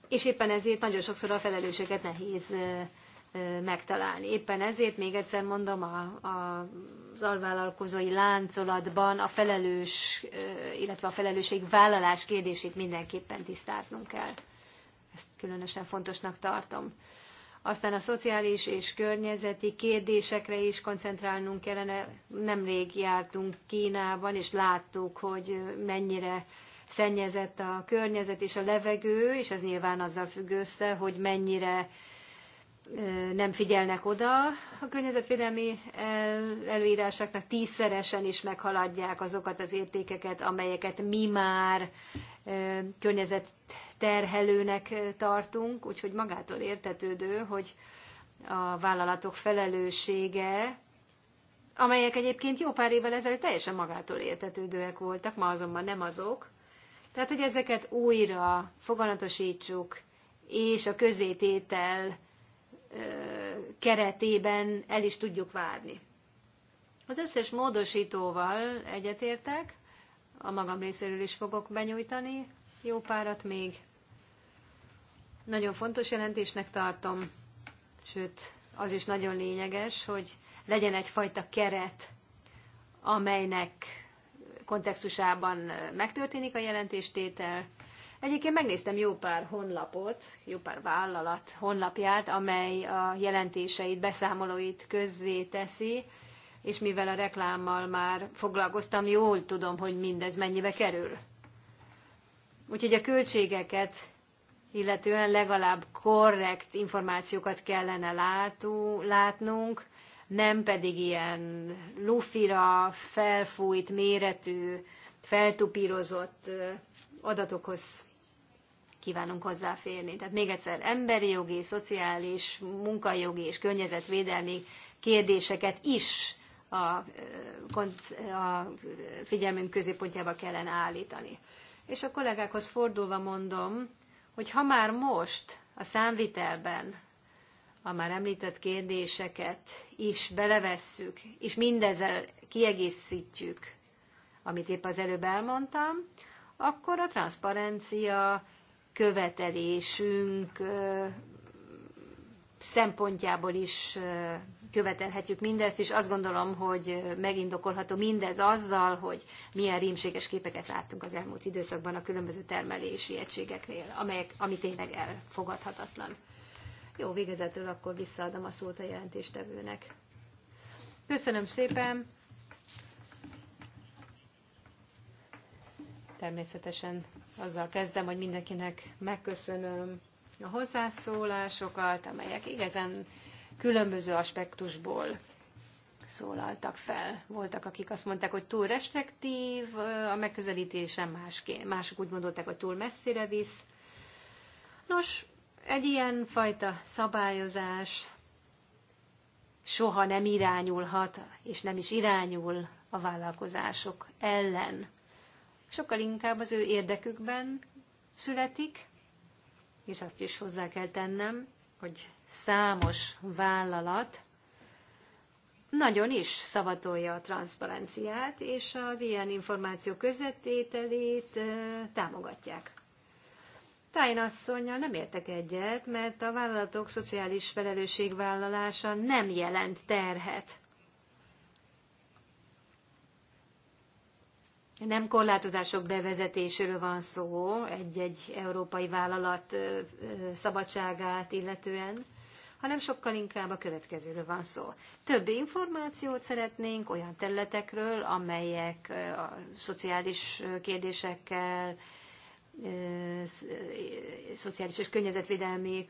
és éppen ezért nagyon sokszor a felelősséget nehéz megtalálni. Éppen ezért még egyszer mondom, a, a, az alvállalkozói láncolatban a felelős, illetve a felelősség vállalás kérdését mindenképpen tisztáznunk kell. Ezt különösen fontosnak tartom. Aztán a szociális és környezeti kérdésekre is koncentrálnunk kellene. Nemrég jártunk Kínában, és láttuk, hogy mennyire szennyezett a környezet és a levegő, és ez nyilván azzal függ össze, hogy mennyire nem figyelnek oda a környezetvédelmi előírásoknak, tízszeresen is meghaladják azokat az értékeket, amelyeket mi már terhelőnek tartunk, úgyhogy magától értetődő, hogy a vállalatok felelőssége, amelyek egyébként jó pár évvel ezelőtt teljesen magától értetődőek voltak, ma azonban nem azok. Tehát, hogy ezeket újra foganatosítsuk, és a közététel keretében el is tudjuk várni. Az összes módosítóval egyetértek, a magam részéről is fogok benyújtani, jó párat még. Nagyon fontos jelentésnek tartom, sőt, az is nagyon lényeges, hogy legyen egyfajta keret, amelynek kontextusában megtörténik a jelentéstétel. Egyébként megnéztem jó pár honlapot, jó pár vállalat honlapját, amely a jelentéseit, beszámolóit közzé teszi, és mivel a reklámmal már foglalkoztam, jól tudom, hogy mindez mennyibe kerül. Úgyhogy a költségeket illetően legalább korrekt információkat kellene látú, látnunk, nem pedig ilyen lufira, felfújt, méretű, feltupírozott adatokhoz kívánunk hozzáférni. Tehát még egyszer, emberi jogi, szociális, munkajogi és környezetvédelmi kérdéseket is a, a figyelmünk középpontjába kellene állítani. És a kollégákhoz fordulva mondom, hogy ha már most a számvitelben a már említett kérdéseket is belevesszük, és mindezzel kiegészítjük, amit épp az előbb elmondtam, akkor a transzparencia követelésünk szempontjából is követelhetjük mindezt, és azt gondolom, hogy megindokolható mindez azzal, hogy milyen rímséges képeket láttunk az elmúlt időszakban a különböző termelési egységeknél, amelyek, ami tényleg elfogadhatatlan. Jó, végezetül akkor visszaadom a szót a jelentéstevőnek. Köszönöm szépen! Természetesen azzal kezdem, hogy mindenkinek megköszönöm a hozzászólásokat, amelyek igazán különböző aspektusból szólaltak fel. Voltak, akik azt mondták, hogy túl restriktív, a megközelítésem másként. Mások úgy gondolták, hogy túl messzire visz. Nos, egy ilyen fajta szabályozás soha nem irányulhat, és nem is irányul a vállalkozások ellen. Sokkal inkább az ő érdekükben születik, és azt is hozzá kell tennem, hogy számos vállalat nagyon is szavatolja a transzparenciát, és az ilyen információ közvetételét támogatják. Tájn asszonynal nem értek egyet, mert a vállalatok szociális felelősségvállalása nem jelent terhet nem korlátozások bevezetéséről van szó egy-egy európai vállalat szabadságát illetően, hanem sokkal inkább a következőről van szó. Több információt szeretnénk olyan területekről, amelyek a szociális kérdésekkel, szociális és környezetvédelmi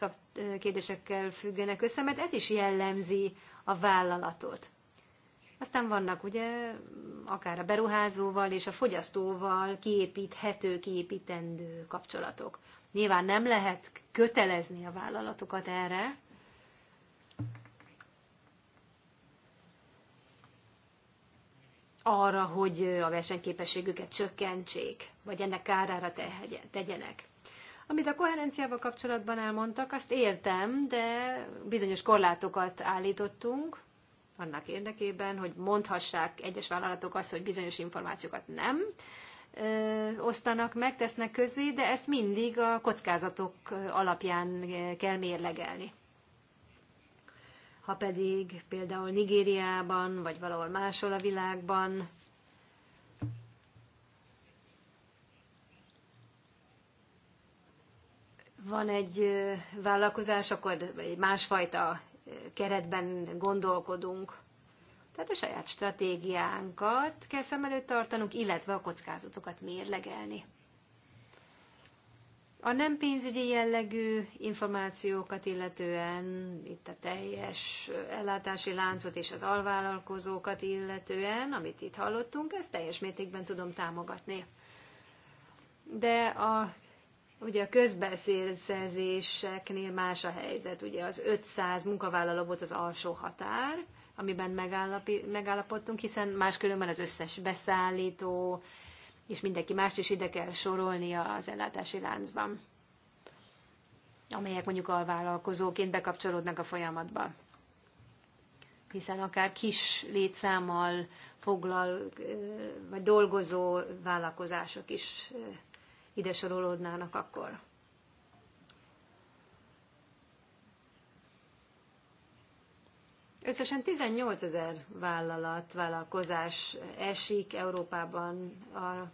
kérdésekkel függenek össze, mert ez is jellemzi a vállalatot. Aztán vannak ugye akár a beruházóval és a fogyasztóval kiépíthető, kiépítendő kapcsolatok. Nyilván nem lehet kötelezni a vállalatokat erre, arra, hogy a versenyképességüket csökkentsék, vagy ennek kárára tegyenek. Amit a koherenciával kapcsolatban elmondtak, azt értem, de bizonyos korlátokat állítottunk, annak érdekében, hogy mondhassák egyes vállalatok azt, hogy bizonyos információkat nem ö, osztanak meg, tesznek közé, de ezt mindig a kockázatok alapján kell mérlegelni. Ha pedig például Nigériában, vagy valahol máshol a világban van egy vállalkozás, akkor egy másfajta keretben gondolkodunk. Tehát a saját stratégiánkat kell szem előtt tartanunk, illetve a kockázatokat mérlegelni. A nem pénzügyi jellegű információkat illetően, itt a teljes ellátási láncot és az alvállalkozókat illetően, amit itt hallottunk, ezt teljes mértékben tudom támogatni. De a Ugye a közbeszerzéseknél más a helyzet. Ugye az 500 munkavállaló volt az alsó határ, amiben megállapodtunk, hiszen máskülönben az összes beszállító és mindenki mást is ide kell sorolnia az ellátási láncban, amelyek mondjuk alvállalkozóként bekapcsolódnak a folyamatba. Hiszen akár kis létszámmal foglal, vagy dolgozó vállalkozások is ide sorolódnának akkor. Összesen 18 ezer vállalat, vállalkozás esik Európában a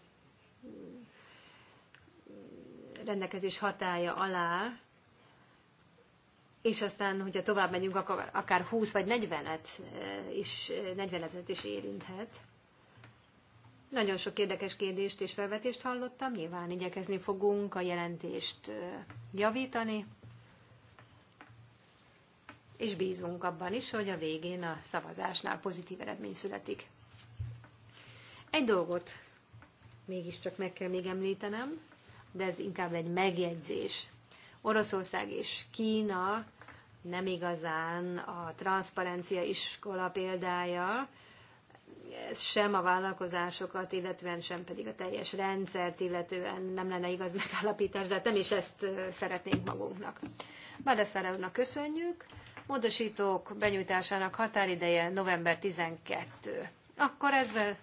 rendelkezés hatája alá, és aztán, hogyha tovább megyünk, akár 20 vagy 40-et eh, is, 40 eh, ezeret is érinthet. Nagyon sok érdekes kérdést és felvetést hallottam, nyilván igyekezni fogunk a jelentést javítani, és bízunk abban is, hogy a végén a szavazásnál pozitív eredmény születik. Egy dolgot mégiscsak meg kell még említenem, de ez inkább egy megjegyzés. Oroszország és Kína nem igazán a transzparencia iskola példája, ez sem a vállalkozásokat, illetően sem pedig a teljes rendszert, illetően nem lenne igaz megállapítás, de hát nem is ezt szeretnénk magunknak. Badaszára úrnak köszönjük. Módosítók benyújtásának határideje november 12. Akkor ezzel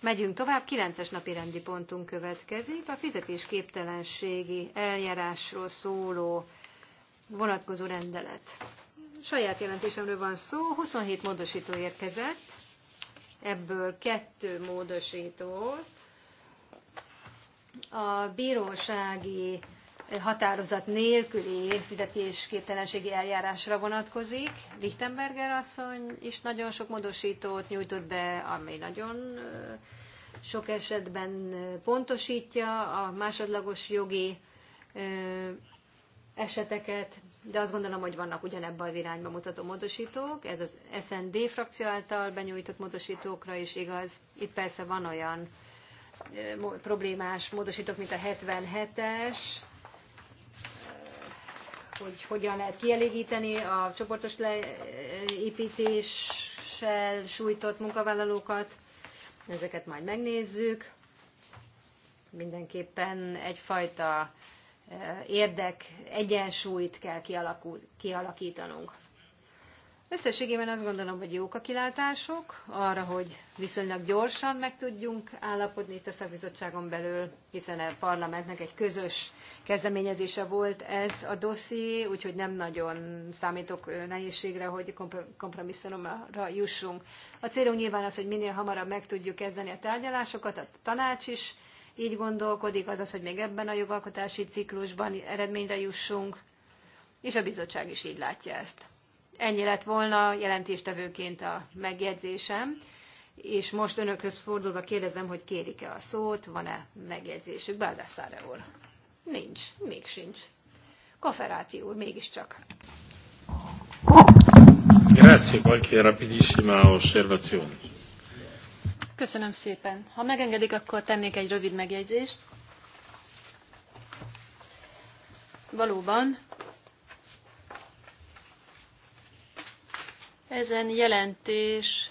megyünk tovább. 9-es napi rendi pontunk következik. A fizetésképtelenségi eljárásról szóló vonatkozó rendelet saját jelentésemről van szó, 27 módosító érkezett, ebből kettő módosítót. A bírósági határozat nélküli fizetésképtelenségi eljárásra vonatkozik. Lichtenberger asszony is nagyon sok módosítót nyújtott be, ami nagyon sok esetben pontosítja a másodlagos jogi eseteket, de azt gondolom, hogy vannak ugyanebbe az irányba mutató módosítók. Ez az SND frakció által benyújtott módosítókra is igaz. Itt persze van olyan problémás módosítók, mint a 77-es, hogy hogyan lehet kielégíteni a csoportos leépítéssel sújtott munkavállalókat. Ezeket majd megnézzük. Mindenképpen egyfajta érdek egyensúlyt kell kialakul, kialakítanunk. Összességében azt gondolom, hogy jók a kilátások arra, hogy viszonylag gyorsan meg tudjunk állapodni itt a szakbizottságon belül, hiszen a parlamentnek egy közös kezdeményezése volt ez a dosszié, úgyhogy nem nagyon számítok nehézségre, hogy kompromisszumra jussunk. A célunk nyilván az, hogy minél hamarabb meg tudjuk kezdeni a tárgyalásokat, a tanács is így gondolkodik, azaz, hogy még ebben a jogalkotási ciklusban eredményre jussunk, és a bizottság is így látja ezt. Ennyi lett volna jelentéstevőként a megjegyzésem, és most önökhöz fordulva kérdezem, hogy kérik-e a szót, van-e megjegyzésük. Baldassare úr. Nincs, még sincs. Kaferáti úr, mégiscsak. Grazie, qualche rapidissima osservazione. Köszönöm szépen. Ha megengedik, akkor tennék egy rövid megjegyzést. Valóban, ezen jelentés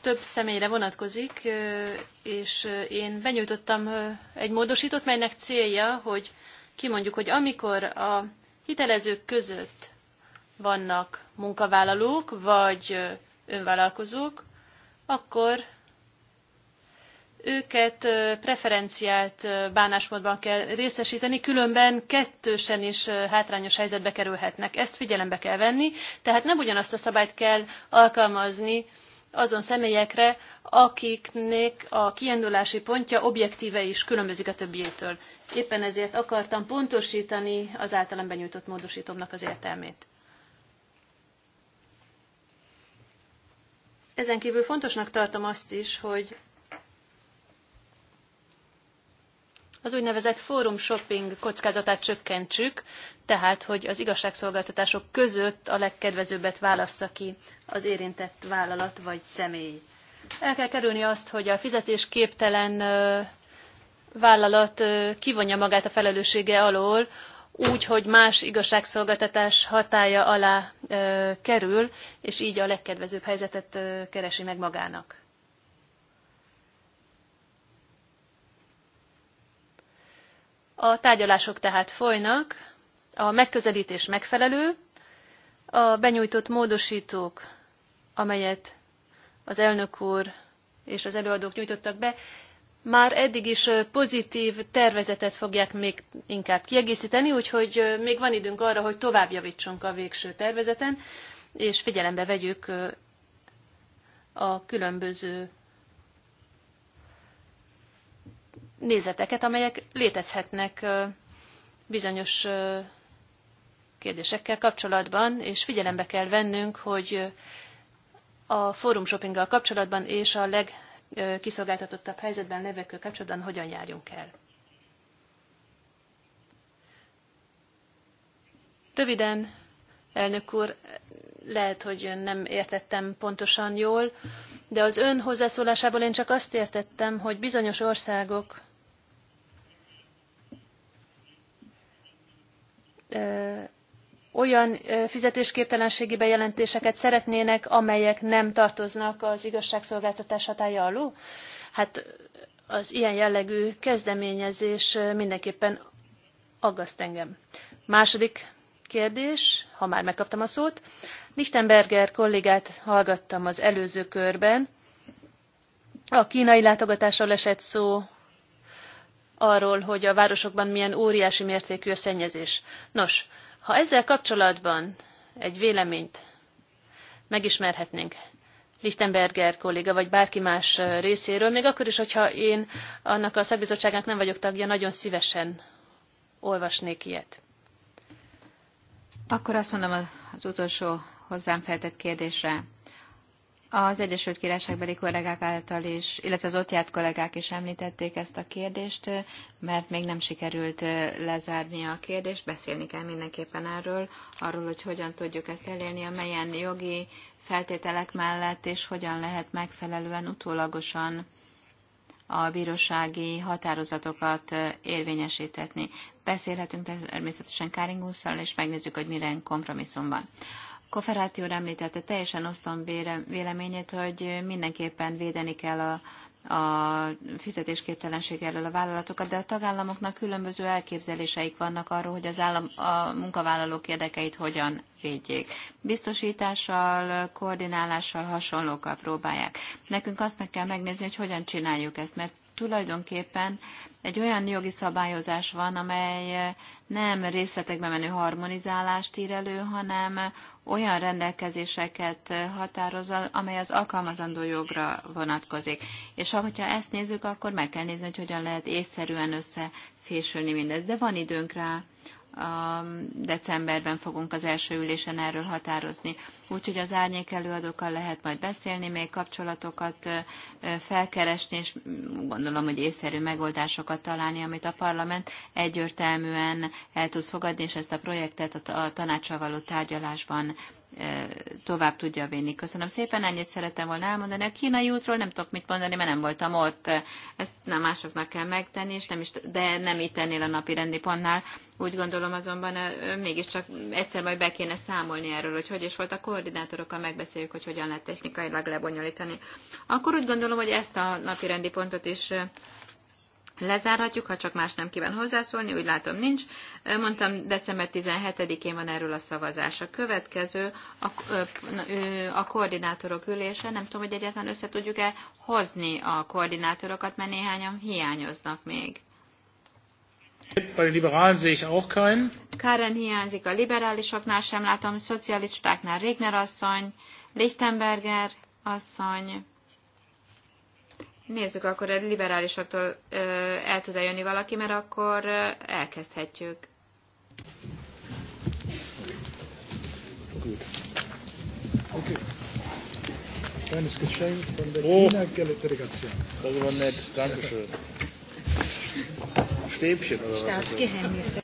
több személyre vonatkozik, és én benyújtottam egy módosítót, melynek célja, hogy kimondjuk, hogy amikor a hitelezők között vannak munkavállalók vagy önvállalkozók, akkor őket preferenciált bánásmódban kell részesíteni, különben kettősen is hátrányos helyzetbe kerülhetnek. Ezt figyelembe kell venni, tehát nem ugyanazt a szabályt kell alkalmazni azon személyekre, akiknek a kiindulási pontja objektíve is különbözik a többiétől. Éppen ezért akartam pontosítani az általam benyújtott módosítomnak az értelmét. Ezen kívül fontosnak tartom azt is, hogy az úgynevezett fórum shopping kockázatát csökkentsük, tehát hogy az igazságszolgáltatások között a legkedvezőbbet válassza ki az érintett vállalat vagy személy. El kell kerülni azt, hogy a fizetésképtelen vállalat kivonja magát a felelőssége alól úgy, hogy más igazságszolgáltatás hatája alá ö, kerül, és így a legkedvezőbb helyzetet ö, keresi meg magának. A tárgyalások tehát folynak, a megközelítés megfelelő, a benyújtott módosítók, amelyet az elnök úr és az előadók nyújtottak be, már eddig is pozitív tervezetet fogják még inkább kiegészíteni, úgyhogy még van időnk arra, hogy tovább javítsunk a végső tervezeten, és figyelembe vegyük a különböző nézeteket, amelyek létezhetnek bizonyos kérdésekkel kapcsolatban, és figyelembe kell vennünk, hogy a fórum shoppinggal kapcsolatban és a leg kiszolgáltatottabb helyzetben levekkel kapcsolatban hogyan járjunk el. Röviden, elnök úr, lehet, hogy nem értettem pontosan jól, de az ön hozzászólásából én csak azt értettem, hogy bizonyos országok olyan fizetésképtelenségi bejelentéseket szeretnének, amelyek nem tartoznak az igazságszolgáltatás hatálya alá Hát az ilyen jellegű kezdeményezés mindenképpen aggaszt engem. Második kérdés, ha már megkaptam a szót. Lichtenberger kollégát hallgattam az előző körben. A kínai látogatásról esett szó arról, hogy a városokban milyen óriási mértékű a szennyezés. Nos, ha ezzel kapcsolatban egy véleményt megismerhetnénk Lichtenberger kolléga, vagy bárki más részéről, még akkor is, hogyha én annak a szakbizottságnak nem vagyok tagja, nagyon szívesen olvasnék ilyet. Akkor azt mondom az utolsó hozzám feltett kérdésre. Az Egyesült Királyságbeli kollégák által is, illetve az ott járt kollégák is említették ezt a kérdést, mert még nem sikerült lezárni a kérdést, beszélni kell mindenképpen erről, arról, hogy hogyan tudjuk ezt elérni, amelyen jogi feltételek mellett, és hogyan lehet megfelelően utólagosan a bírósági határozatokat érvényesítetni. Beszélhetünk természetesen Káringusszal, és megnézzük, hogy mire kompromisszum van. Koferáti úr említette, teljesen osztom véleményét, hogy mindenképpen védeni kell a, a fizetésképtelenség elől a vállalatokat, de a tagállamoknak különböző elképzeléseik vannak arról, hogy az állam a munkavállalók érdekeit hogyan védjék. Biztosítással, koordinálással, hasonlókkal próbálják. Nekünk azt meg kell megnézni, hogy hogyan csináljuk ezt, mert tulajdonképpen egy olyan jogi szabályozás van, amely eh, nem részletekbe menő harmonizálást ír elő, hanem olyan rendelkezéseket eh, határoz, amely az alkalmazandó jogra vonatkozik. És hogyha ezt nézzük, akkor meg kell nézni, hogy hogyan lehet észszerűen összefésülni mindezt. De van időnk rá, a decemberben fogunk az első ülésen erről határozni. Úgyhogy az árnyék előadókkal lehet majd beszélni, még kapcsolatokat felkeresni, és gondolom, hogy észszerű megoldásokat találni, amit a parlament egyértelműen el tud fogadni, és ezt a projektet a tanácsavaló tárgyalásban E, tovább tudja vinni. Köszönöm szépen, ennyit szeretem volna elmondani. A kínai útról nem tudok mit mondani, mert nem voltam ott. Ezt nem másoknak kell megtenni, és nem is, de nem itt ennél a napi rendi pontnál. Úgy gondolom azonban e, mégiscsak egyszer majd be kéne számolni erről, hogy hogy is volt a koordinátorokkal, megbeszéljük, hogy hogyan lehet technikailag lebonyolítani. Akkor úgy gondolom, hogy ezt a napi rendi pontot is e, Lezárhatjuk, ha csak más nem kíván hozzászólni, úgy látom nincs. Mondtam, december 17-én van erről a szavazás. A következő a, a koordinátorok ülése. Nem tudom, hogy egyáltalán össze tudjuk-e hozni a koordinátorokat, mert néhányan hiányoznak még. Bei Liberalen sehe ich auch keinen. Karen hiányzik a liberálisoknál sem látom, szocialistáknál Regner asszony, Lichtenberger asszony, Nézzük, akkor a liberálisoktól el tud eljönni jönni valaki, mert akkor elkezdhetjük. Good. Okay. oh. Stäbchen oder was?